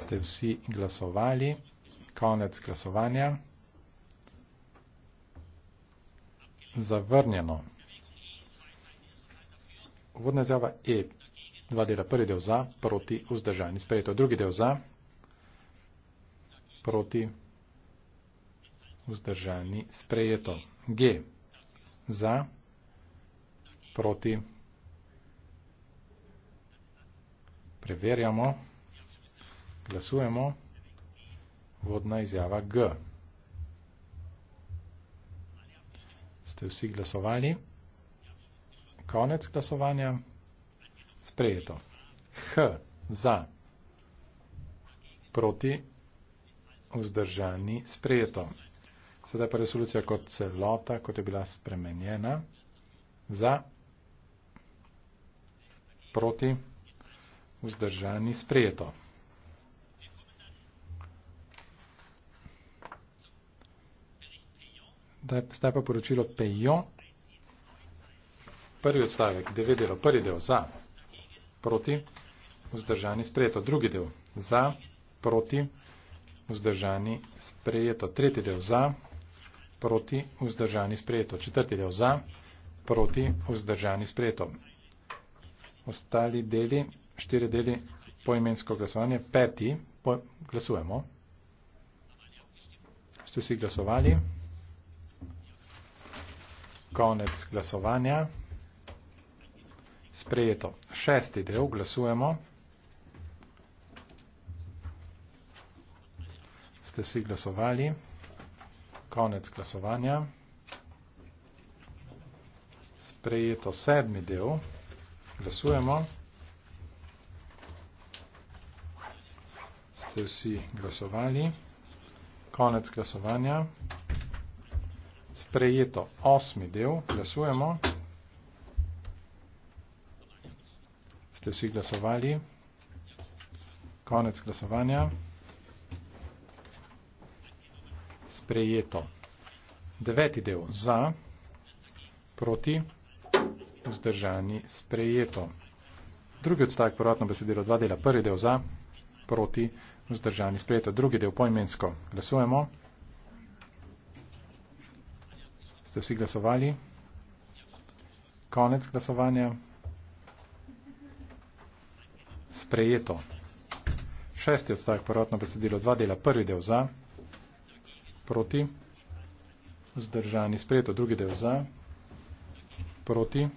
ste vsi glasovali. Konec glasovanja. Zavrnjeno. Uvodna izjava E. Dva dela. Prvi del za, proti, vzdržan. Sprejeto. Drugi del za, proti, vzdržan. Sprejeto. G. Za, proti, preverjamo. Glasujemo. Vodna izjava G. Ste vsi glasovali? Konec glasovanja. Sprejeto. H za. Proti. Vzdržani. Sprejeto. Sedaj pa resolucija kot celota, kot je bila spremenjena. Za. Proti. Vzdržani. Sprejeto. zdaj pa poročilo Pejo. Prvi odstavek, devet delov, prvi del za, proti, vzdržani, sprejeto. Drugi del za, proti, vzdržani, sprejeto. Tretji del za, proti, vzdržani, sprejeto. Četrti del za, proti, vzdržani, sprejeto. Ostali deli, štiri deli poimensko glasovanje, peti, po, glasujemo. Ste si glasovali? Mm konec glasovanja. Sprejeto. Šesti del glasujemo. Ste vsi glasovali? Konec glasovanja. Sprejeto sedmi del. Glasujemo. Ste vsi glasovali? Konec glasovanja sprejeto osmi del, glasujemo. Ste vsi glasovali? Konec glasovanja. Sprejeto. Deveti del za, proti, vzdržani, sprejeto. Drugi odstavek poratno besedilo dva dela. Prvi del za, proti, vzdržani, sprejeto. Drugi del poimensko. Glasujemo. Ste vsi glasovali? Konec glasovanja? Sprejeto. Šesti odstavek prvotno besedilo, dva dela, prvi del za, proti, vzdržani, sprejeto, drugi del za, proti,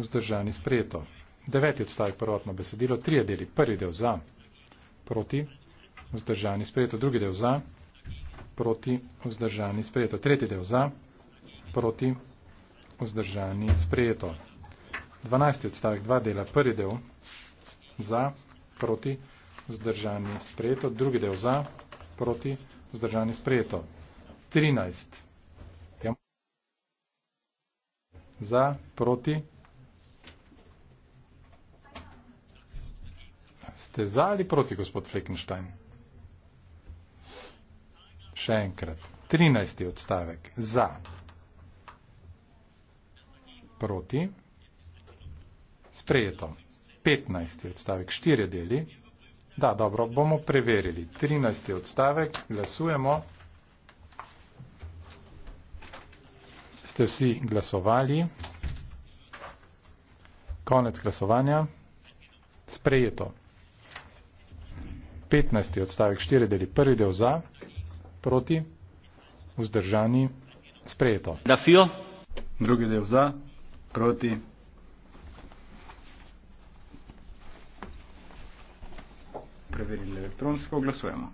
vzdržani, sprejeto. Deveti odstavek prvotno besedilo, tri deli, prvi del za, proti, vzdržani, sprejeto, drugi del za, proti, proti, vzdržani, sprejeto. Tretji del za, proti, vzdržani, sprejeto. Dvanajsti odstavek, dva dela. Prvi del za, proti, vzdržani, sprejeto. Drugi del za, proti, vzdržani, sprejeto. Trinajst. Ja. Za, proti. Ste za ali proti, gospod Fleckenstein? še enkrat. 13. odstavek za, proti, sprejeto. 15. odstavek, štiri deli. Da, dobro, bomo preverili. 13. odstavek, glasujemo. Ste vsi glasovali? Konec glasovanja. Sprejeto. 15. odstavek, štiri deli, prvi del za proti, vzdržani, sprejeto. Dafio. Drugi del za, proti. Preverili elektronsko, glasujemo.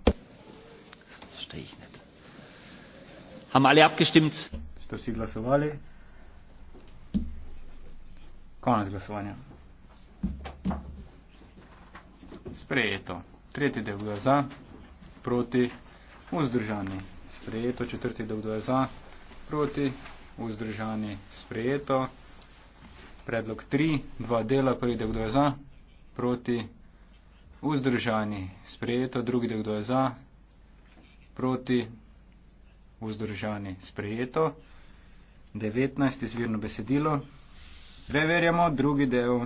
Ste vsi glasovali? Konec glasovanja. Sprejeto. Tretji del glasa, proti vzdržani, sprejeto, četrti dolg dva za, proti, vzdržani, sprejeto, predlog tri, dva dela, prvi dolg dva za, proti, vzdržani, sprejeto, drugi dolg dva za, proti, vzdržani, sprejeto, 19, izvirno besedilo, preverjamo drugi del,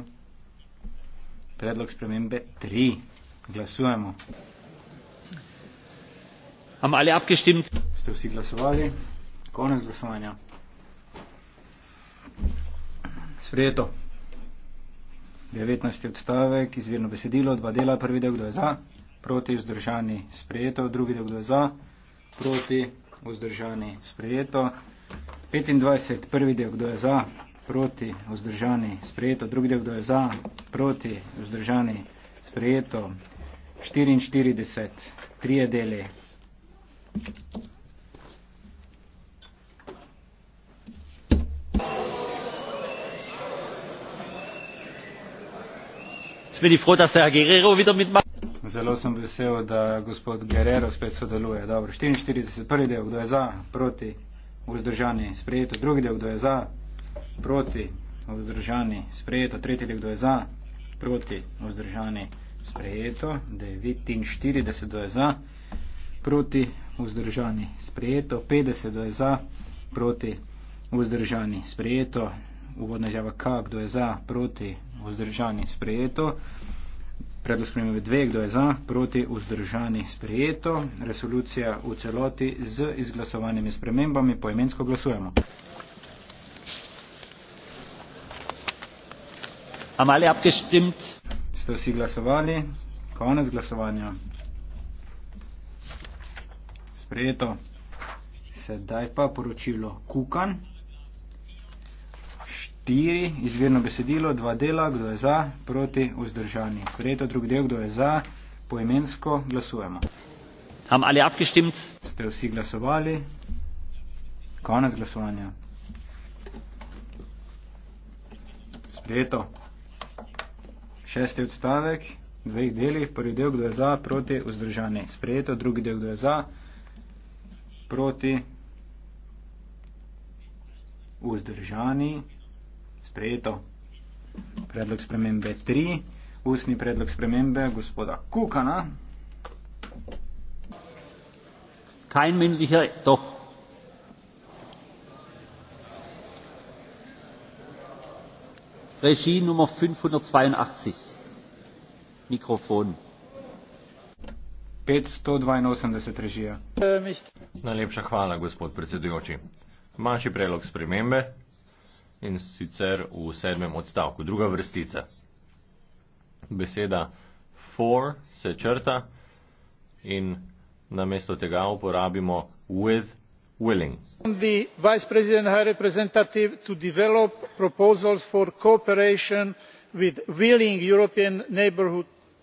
predlog spremembe 3, glasujemo haben alle abgestimmt. Sprejeto. 19. odstavek, izvirno besedilo, dva dela, prvi del, kdo je za, proti, vzdržani, sprejeto, drugi del, kdo je za, proti, vzdržani, sprejeto. 25. prvi del, kdo je za, proti, vzdržani, sprejeto, drugi del, kdo je za, proti, vzdržani, sprejeto. 44. trije deli, Zelo sem vesel, da gospod Guerrero spet sodeluje. Dobro, 44. Prvi del, kdo je za, proti, vzdržani, sprejeto. Drugi del, kdo je za, proti, vzdržani, sprejeto. Tretji del, kdo je za, proti, vzdržani, sprejeto. 49. kdo je za, proti, vzdržani sprejeto, 50 je za, proti vzdržani sprejeto, uvodna izjava K, kdo je za, proti vzdržani sprejeto, predlog sprememb dve, kdo je za, proti vzdržani sprejeto, resolucija v celoti z izglasovanimi spremembami, poimensko glasujemo. Amali abgestimt. Ste vsi glasovali? Konec glasovanja sprejeto. Sedaj pa poročilo Kukan. Štiri, izvirno besedilo, dva dela, kdo je za, proti, vzdržani. Sprejeto, drugi del, kdo je za, poimensko glasujemo. Haben alle abgestimmt? Ste vsi glasovali? Konec glasovanja. Sprejeto. Šesti odstavek, dveh delih, prvi del, kdo je za, proti, vzdržani. Sprejeto, drugi del, kdo je za, proti vzdržani, sprejeto, predlog spremembe 3, ustni predlog spremembe gospoda Kukana. Kein mündlicher, doch. Regie Nummer 582. Mikrofon. 582 režija. Najlepša hvala, gospod predsedujoči. Manjši predlog spremembe in sicer v sedmem odstavku, druga vrstica. Beseda for se črta in namesto tega uporabimo with willing. With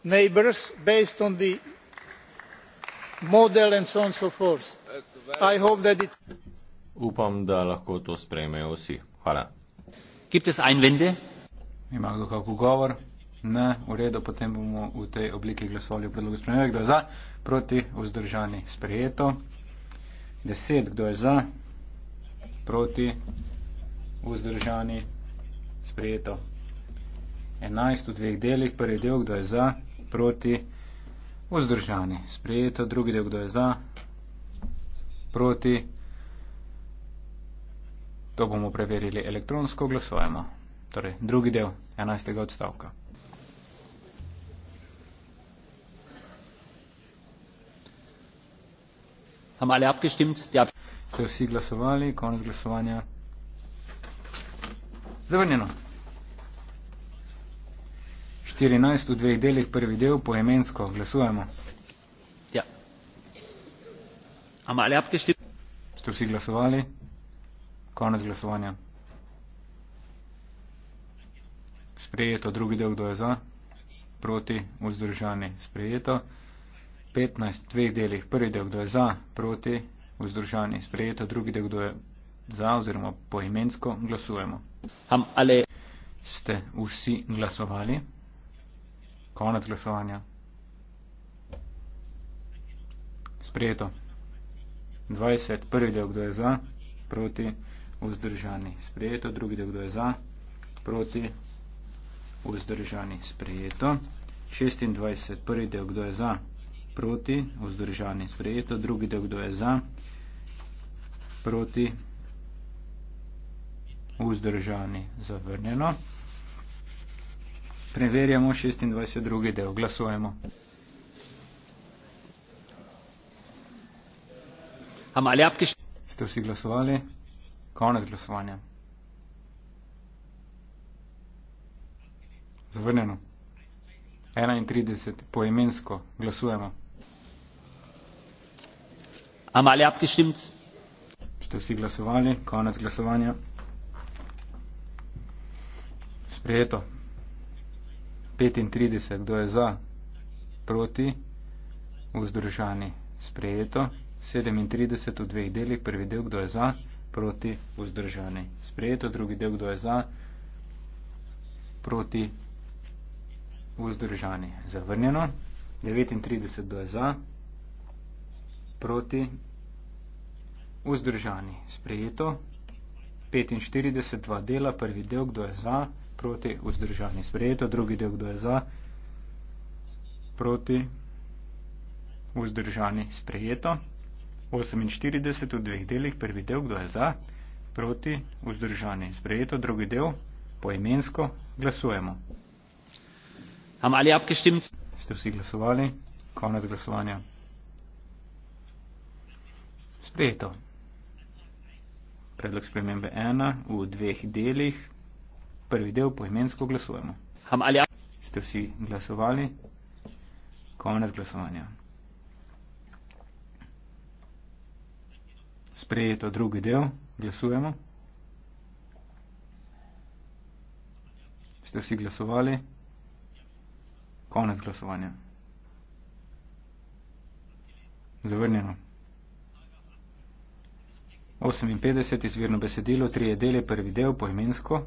neighbors based on the Upam, da lahko to sprejmejo vsi. Hvala. Gibt es Einwände? Ima kdo kakšen govor? Ne, v redu, potem bomo v tej obliki glasovali o predlogu spremembe. Kdo je za? Proti, vzdržani, sprejeto. Deset, kdo je za? Proti, vzdržani, sprejeto. Enajst v dveh delih, prvi del, kdo je za? Proti, vzdržani, sprejeto. Vzdržani. Sprejeto. Drugi del, kdo je za? Proti. To bomo preverili elektronsko. Glasujemo. Torej, drugi del 11. odstavka. Ja. Ste vsi glasovali? Konec glasovanja. Zavrnjeno. 14 v dveh delih, prvi del poemensko, glasujemo. Ja. Amali apkešti? Ste vsi glasovali? Konec glasovanja. Sprejeto, drugi del, kdo je za? Proti, vzdržani, sprejeto. 15 v dveh delih, prvi del, kdo je za? Proti, vzdržani, sprejeto, drugi del, kdo je za oziroma poimensko glasujemo. Am, ali... Ste vsi glasovali? Konec glasovanja. Sprijeto. 20. Prvi del, kdo je za, proti, vzdržani. Sprijeto. Drugi del, kdo je za, proti, vzdržani. Sprijeto. 26. Prvi del, kdo je za, proti, vzdržani. Sprijeto. Drugi del, kdo je za, proti, vzdržani. Zavrnjeno. Zavrnjeno. Preverjamo 26. drugi del. Glasujemo. Ste vsi glasovali? Konec glasovanja. Zavrnjeno. 31. Poimensko. Glasujemo. Ste vsi glasovali? Konec glasovanja. Sprejeto. 35, kdo je za, proti, vzdržani, sprejeto, 37 v dveh delih, prvi del, kdo je za, proti, vzdržani, sprejeto, drugi del, kdo je za, proti, vzdržani, zavrnjeno, 39, kdo je za, proti, vzdržani, sprejeto, 45, dva dela, prvi del, kdo je za, proti, vzdržani, sprejeto, proti, vzdržani sprejeto, drugi del, kdo je za, proti, vzdržani sprejeto, 48 v dveh delih, prvi del, kdo je za, proti, vzdržani sprejeto, drugi del, poimensko, glasujemo. Ste vsi glasovali? Konec glasovanja. Sprejeto. Predlog spremembe 1 v dveh delih prvi del poimensko glasujemo. Ste vsi glasovali? Konec glasovanja. Sprejeto drugi del, glasujemo. Ste vsi glasovali? Konec glasovanja. Zavrnjeno. 58. izvirno besedilo, trije deli, prvi del, poimensko,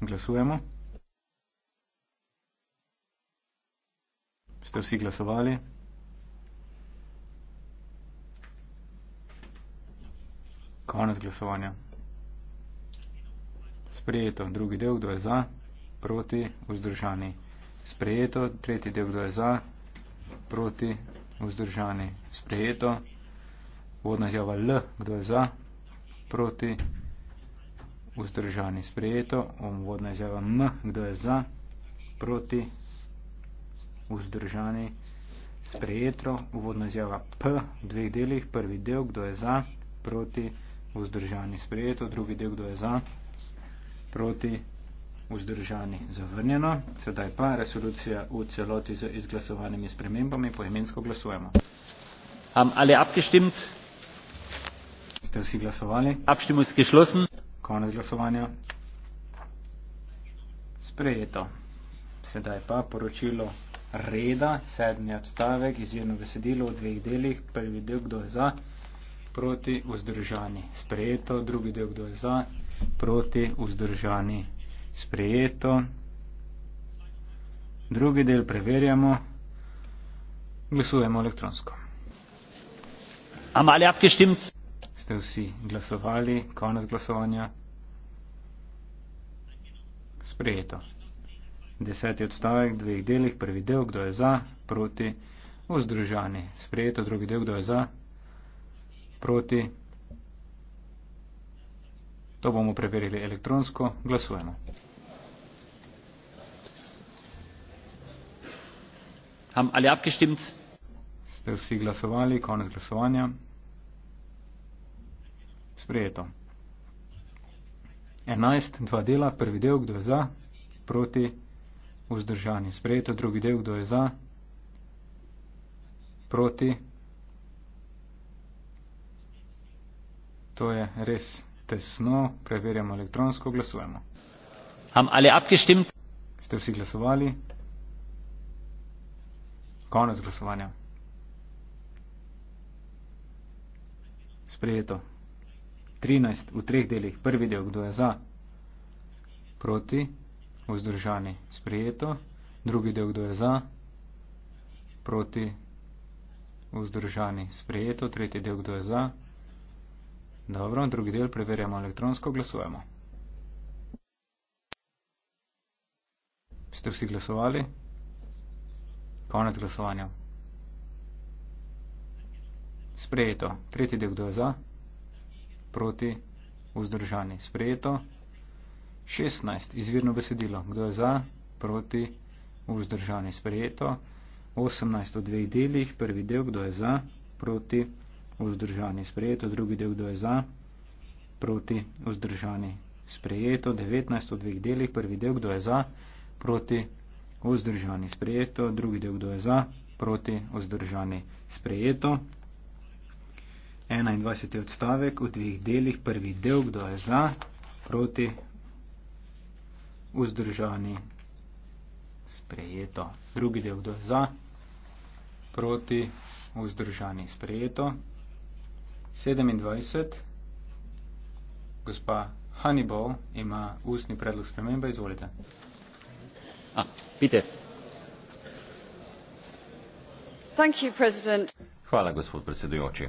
Glasujemo. Ste vsi glasovali? Konec glasovanja. Sprejeto. Drugi del, kdo je za, proti, vzdržani. Sprejeto. Tretji del, kdo je za, proti, vzdržani. Sprejeto. Vodna izjava L, kdo je za, proti, vzdržani vzdržani sprejeto, bom vodna izjava M, kdo je za, proti, vzdržani sprejeto, vodna izjava P v dveh delih, prvi del, kdo je za, proti, vzdržani sprejeto, drugi del, kdo je za, proti, vzdržani zavrnjeno. Sedaj pa resolucija v celoti z izglasovanimi spremembami, poimensko glasujemo. Am ali abgestimt? Ste vsi glasovali? Abstimmung ist geschlossen. Konec glasovanja. Sprejeto. Sedaj pa poročilo reda, sedmi odstavek, izvirno besedilo v dveh delih. Prvi del, kdo je za, proti, vzdržani. Sprejeto. Drugi del, kdo je za, proti, vzdržani. Sprejeto. Drugi del preverjamo. Glasujemo elektronsko. Haben alle abgestimmt? ste vsi glasovali, konec glasovanja. Sprejeto. Deseti odstavek, dveh delih, prvi del, kdo je za, proti, vzdržani. Sprejeto, drugi del, kdo je za, proti. To bomo preverili elektronsko. Glasujemo. Ste vsi glasovali, konec glasovanja sprejeto. 11, dva dela, prvi del, kdo je za, proti, vzdržani, sprejeto, drugi del, kdo je za, proti. To je res tesno, preverjamo elektronsko, glasujemo. Ste vsi glasovali? Konec glasovanja. Sprejeto. 13 v treh delih. Prvi del, kdo je za, proti, vzdržani, sprijeto. Drugi del, kdo je za, proti, vzdržani, sprijeto. Tretji del, kdo je za. Dobro, drugi del preverjamo elektronsko, glasujemo. Ste vsi glasovali? Konec glasovanja. Sprejeto. Tretji del, kdo je za? proti vzdržani. Sprejeto. 16. Izvirno besedilo. Kdo je za, proti vzdržani. Sprejeto. 18. V dveh delih. Prvi del, kdo je za, proti vzdržani. Sprejeto. Drugi del, kdo je za, proti vzdržani. Sprejeto. 19. V dveh delih. Prvi del, kdo je za, proti vzdržani. Sprejeto. Drugi del, kdo je za, proti vzdržani. Sprejeto. 21. odstavek v dveh delih, prvi del, kdo je za, proti, vzdržani, sprejeto. Drugi del, kdo je za, proti, vzdržani, sprejeto. 27. Gospa Hannibal ima ustni predlog spremembe, izvolite. A, Peter. Thank you, Hvala, gospod predsedujoči.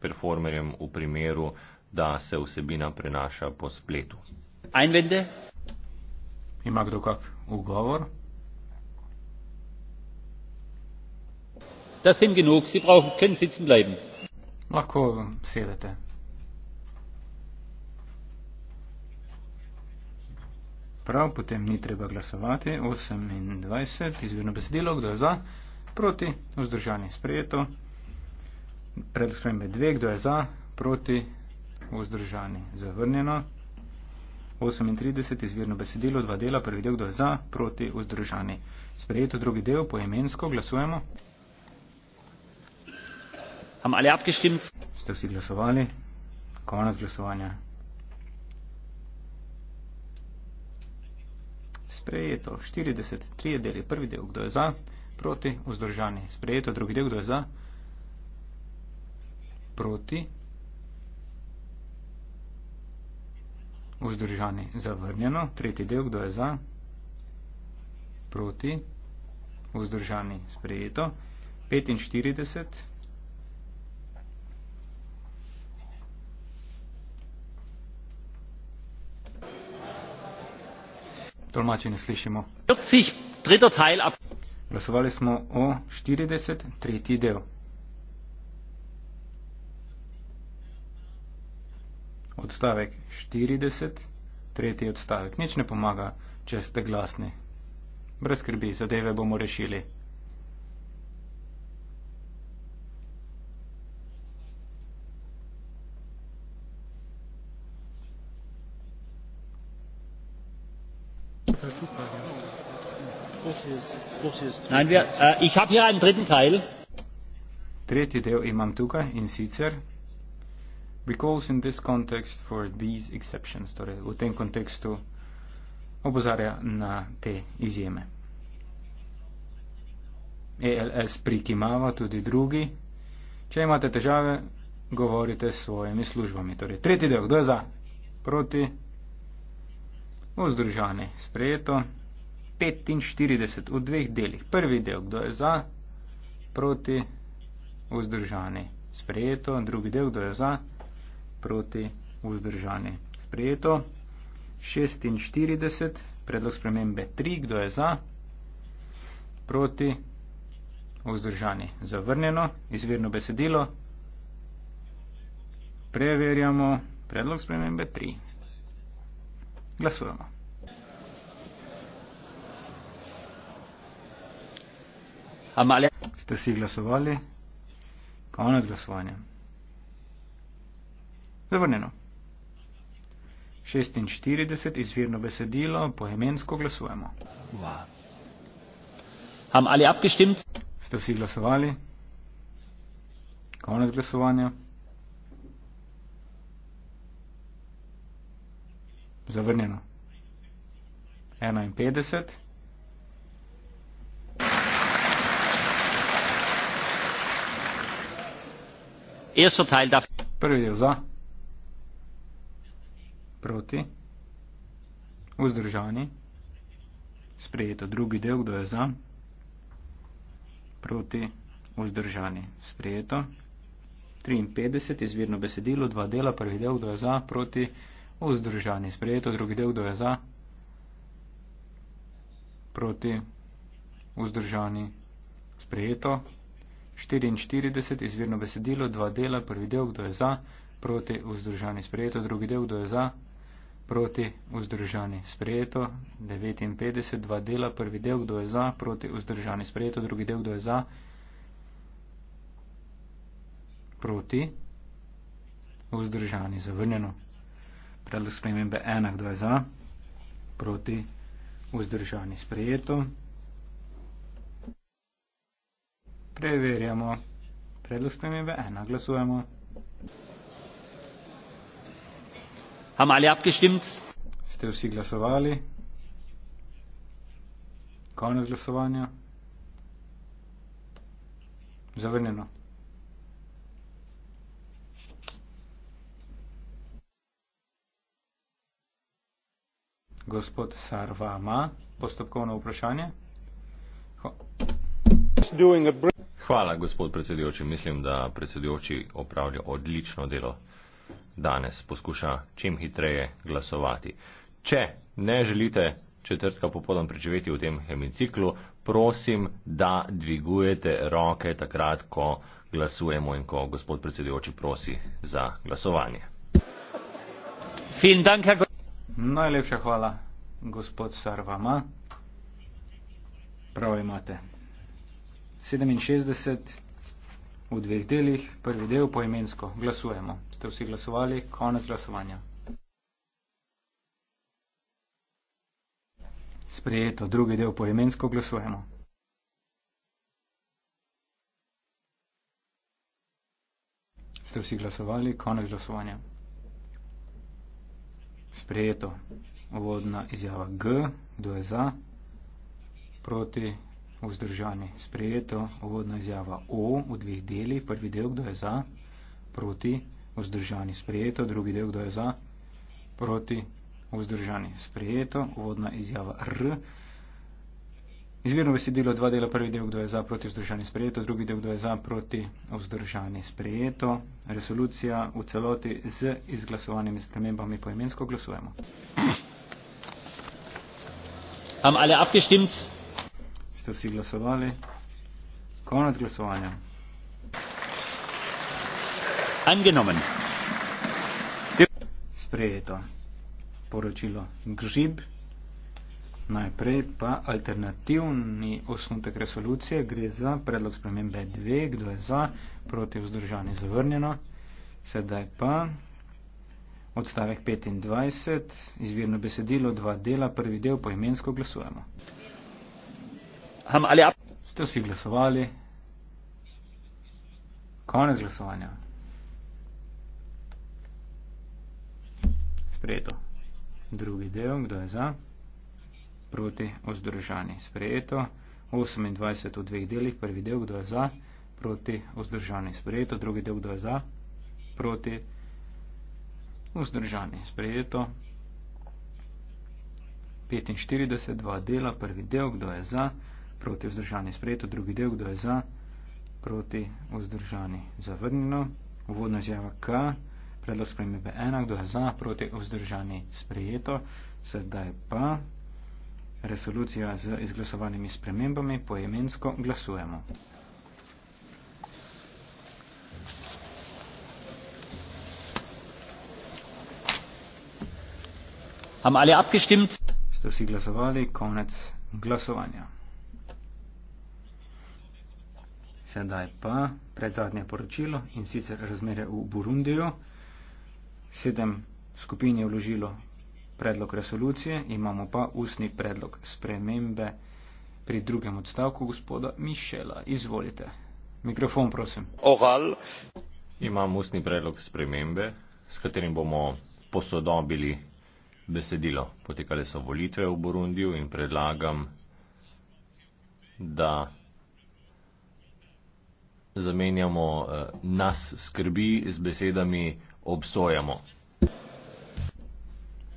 performerjem v primeru, da se vsebina prenaša po spletu. Einwende? Ima kdo kak ugovor? Das sind genug, Sie brauchen, können sitzen bleiben. Lahko sedete. Prav, potem ni treba glasovati. 28, izvirno besedilo, kdo je za, proti, vzdržani, sprejeto predlog spremembe dve, kdo je za, proti, vzdržani, zavrnjeno. 38, izvirno besedilo, dva dela, prvi del, kdo je za, proti, vzdržani. Sprejeto drugi del, poemensko, glasujemo. Ste vsi glasovali? Konec glasovanja. Sprejeto 40, tri deli, prvi del, kdo je za, proti, vzdržani. Sprejeto drugi del, kdo je za proti, vzdržani zavrnjeno, tretji del, kdo je za, proti, vzdržani sprejeto, 45, Tolmačenje slišimo. Glasovali smo o 43. del. odstavek 40, tretji odstavek. Nič ne pomaga, če ste glasni. Brez skrbi, zadeve bomo rešili. Äh, tretji del imam tukaj in sicer recalls in this context for these exceptions, torej v tem kontekstu opozarja na te izjeme. ELS prikimava tudi drugi. Če imate težave, govorite s svojimi službami. Torej, tretji del, kdo je za? Proti? Vzdržani, sprejeto. 45 v dveh delih. Prvi del, kdo je za? Proti? Vzdržani, sprejeto. Drugi del, kdo je za? proti vzdržani. Sprejeto. 46, predlog spremembe 3, kdo je za, proti vzdržani. Zavrnjeno, izvirno besedilo. Preverjamo predlog spremembe 3. Glasujemo. Amalja. Ste si glasovali? Konec glasovanja. Zavrnjeno. 46 izvirno besedilo, poemensko glasujemo. Ste vsi glasovali? Konec glasovanja. Zavrnjeno. 51. Prvi del za proti, vzdržani, sprejeto drugi del, kdo je za, proti, vzdržani, sprejeto. 53, izvirno besedilo, dva dela, prvi del, kdo je za, proti, vzdržani, sprejeto, drugi del, kdo je za, proti, vzdržani, sprejeto. 44, izvirno besedilo, dva dela, prvi del, kdo je za, proti, vzdržani, sprejeto, drugi del, kdo je za, proti vzdržani sprejeto, 59, dva dela, prvi del, kdo je za, proti vzdržani sprejeto, drugi del, kdo je za, proti vzdržani zavrnjeno. Predlog spremembe 1, kdo je za, proti vzdržani sprejeto. Preverjamo. Predlog spremembe 1, glasujemo. haben alle abgestimmt? Ste vsi glasovali? Konec glasovanja? Zavrnjeno. Gospod Sarvama, postopkovno vprašanje. Hvala, gospod predsedujoči. Mislim, da predsedujoči opravlja odlično delo danes poskuša čim hitreje glasovati. Če ne želite četrtka popoldan preživeti v tem hemiciklu, prosim, da dvigujete roke takrat, ko glasujemo in ko gospod predsedujoči prosi za glasovanje. Najlepša hvala, gospod Sarvama. Prav imate. 67 v dveh delih, prvi del poimensko, glasujemo. Ste vsi glasovali, konec glasovanja. Sprejeto, drugi del poimensko, glasujemo. Ste vsi glasovali, konec glasovanja. Sprejeto, uvodna izjava G, kdo je za, proti, vzdržani. Sprejeto uvodna izjava O v dveh deli. Prvi del, kdo je za, proti, vzdržani. Sprejeto, drugi del, kdo je za, proti, vzdržani. Sprejeto, uvodna izjava R. Izvirno besedilo dva dela, prvi del, kdo je za, proti, vzdržani. Sprejeto, drugi del, kdo je za, proti, vzdržani. Sprejeto, resolucija v celoti z izglasovanimi spremembami poimensko glasujemo. Haben alle abgestimmt? ste vsi glasovali. Konec glasovanja. Angenomen. Sprejeto. Poročilo Gržib. Najprej pa alternativni osnutek resolucije. Gre za predlog spremembe 2. Kdo je za? Proti vzdržani zavrnjeno. Sedaj pa odstavek 25. Izvirno besedilo. Dva dela. Prvi del poimensko glasujemo ali ab. Ste vsi glasovali? Konec glasovanja. Sprejeto. Drugi del, kdo je za? Proti vzdržani. Sprejeto. 28 v dveh delih, prvi del, kdo je za? Proti vzdržani. Sprejeto. Drugi del, kdo je za? Proti vzdržani. Sprejeto. 45, dva dela, prvi del, kdo je za? proti vzdržani sprejeto, drugi del, kdo je za, proti vzdržani zavrnjeno, uvodna izjava K, predlog spremembe 1, kdo je za, proti vzdržani sprejeto, sedaj pa resolucija z izglasovanimi spremembami, poemensko glasujemo. Haben alle abgestimmt? Ste vsi glasovali? Konec glasovanja. Sedaj pa predzadnje poročilo in sicer razmere v Burundiju. Sedem skupin je vložilo predlog resolucije, imamo pa usni predlog spremembe pri drugem odstavku gospoda Mišela. Izvolite. Mikrofon, prosim. Ohal. Imam usni predlog spremembe, s katerim bomo posodobili besedilo. Potekale so volitve v Burundiju in predlagam, da zamenjamo eh, nas skrbi z besedami obsojamo.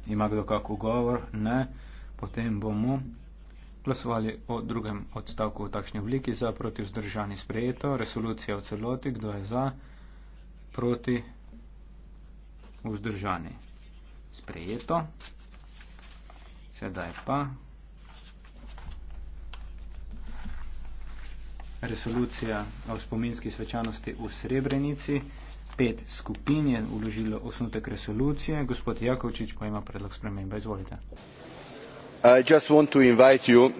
Ima kdo kak ugovor? Ne. Potem bomo glasovali o drugem odstavku v takšni obliki za proti vzdržani sprejeto, resolucija v celoti, kdo je za, proti vzdržani sprejeto. Sedaj pa resolucija o spominski svečanosti v Srebrenici. Pet skupin je uložilo osnutek resolucije. Gospod Jakovčič pa ima predlog spremembe. Izvolite. I just want to invite you.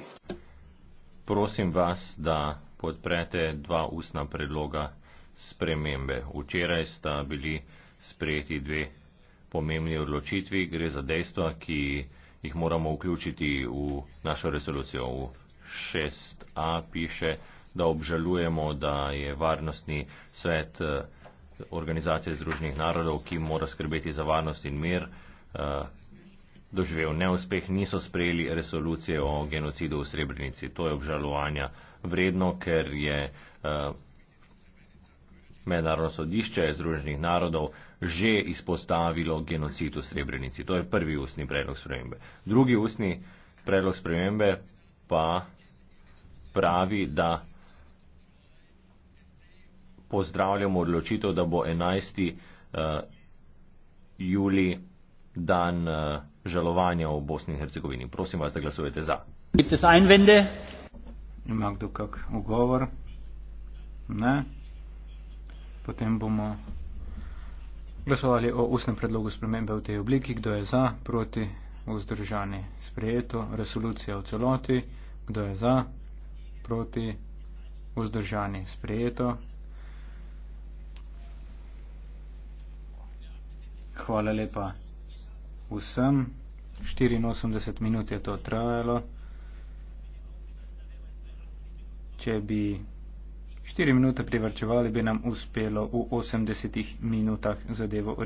Prosim vas, da podprete dva ustna predloga spremembe. Včeraj sta bili sprejeti dve pomembni odločitvi. Gre za dejstva, ki jih moramo vključiti v našo resolucijo. V 6a piše, da obžalujemo, da je varnostni svet eh, organizacije Združenih narodov, ki mora skrbeti za varnost in mir, eh, doživel neuspeh, niso sprejeli resolucije o genocidu v Srebrenici. To je obžalovanja vredno, ker je eh, Mednarodno sodišče Združenih narodov že izpostavilo genocid v Srebrenici. To je prvi ustni predlog spremembe. Drugi ustni predlog spremembe pa pravi, da pozdravljamo odločitev, da bo 11. Eh, juli dan eh, žalovanja v Bosni in Hercegovini. Prosim vas, da glasujete za. Gibt es Einwände? Ima kdo kak ugovor? Ne. Potem bomo glasovali o ustnem predlogu spremembe v tej obliki. Kdo je za, proti, vzdržani, sprejeto, resolucija v celoti. Kdo je za, proti, vzdržani, sprejeto, Hvala lepa vsem. 84 minut je to trajalo. Če bi 4 minute privrčevali, bi nam uspelo v 80 minutah zadevo urediti.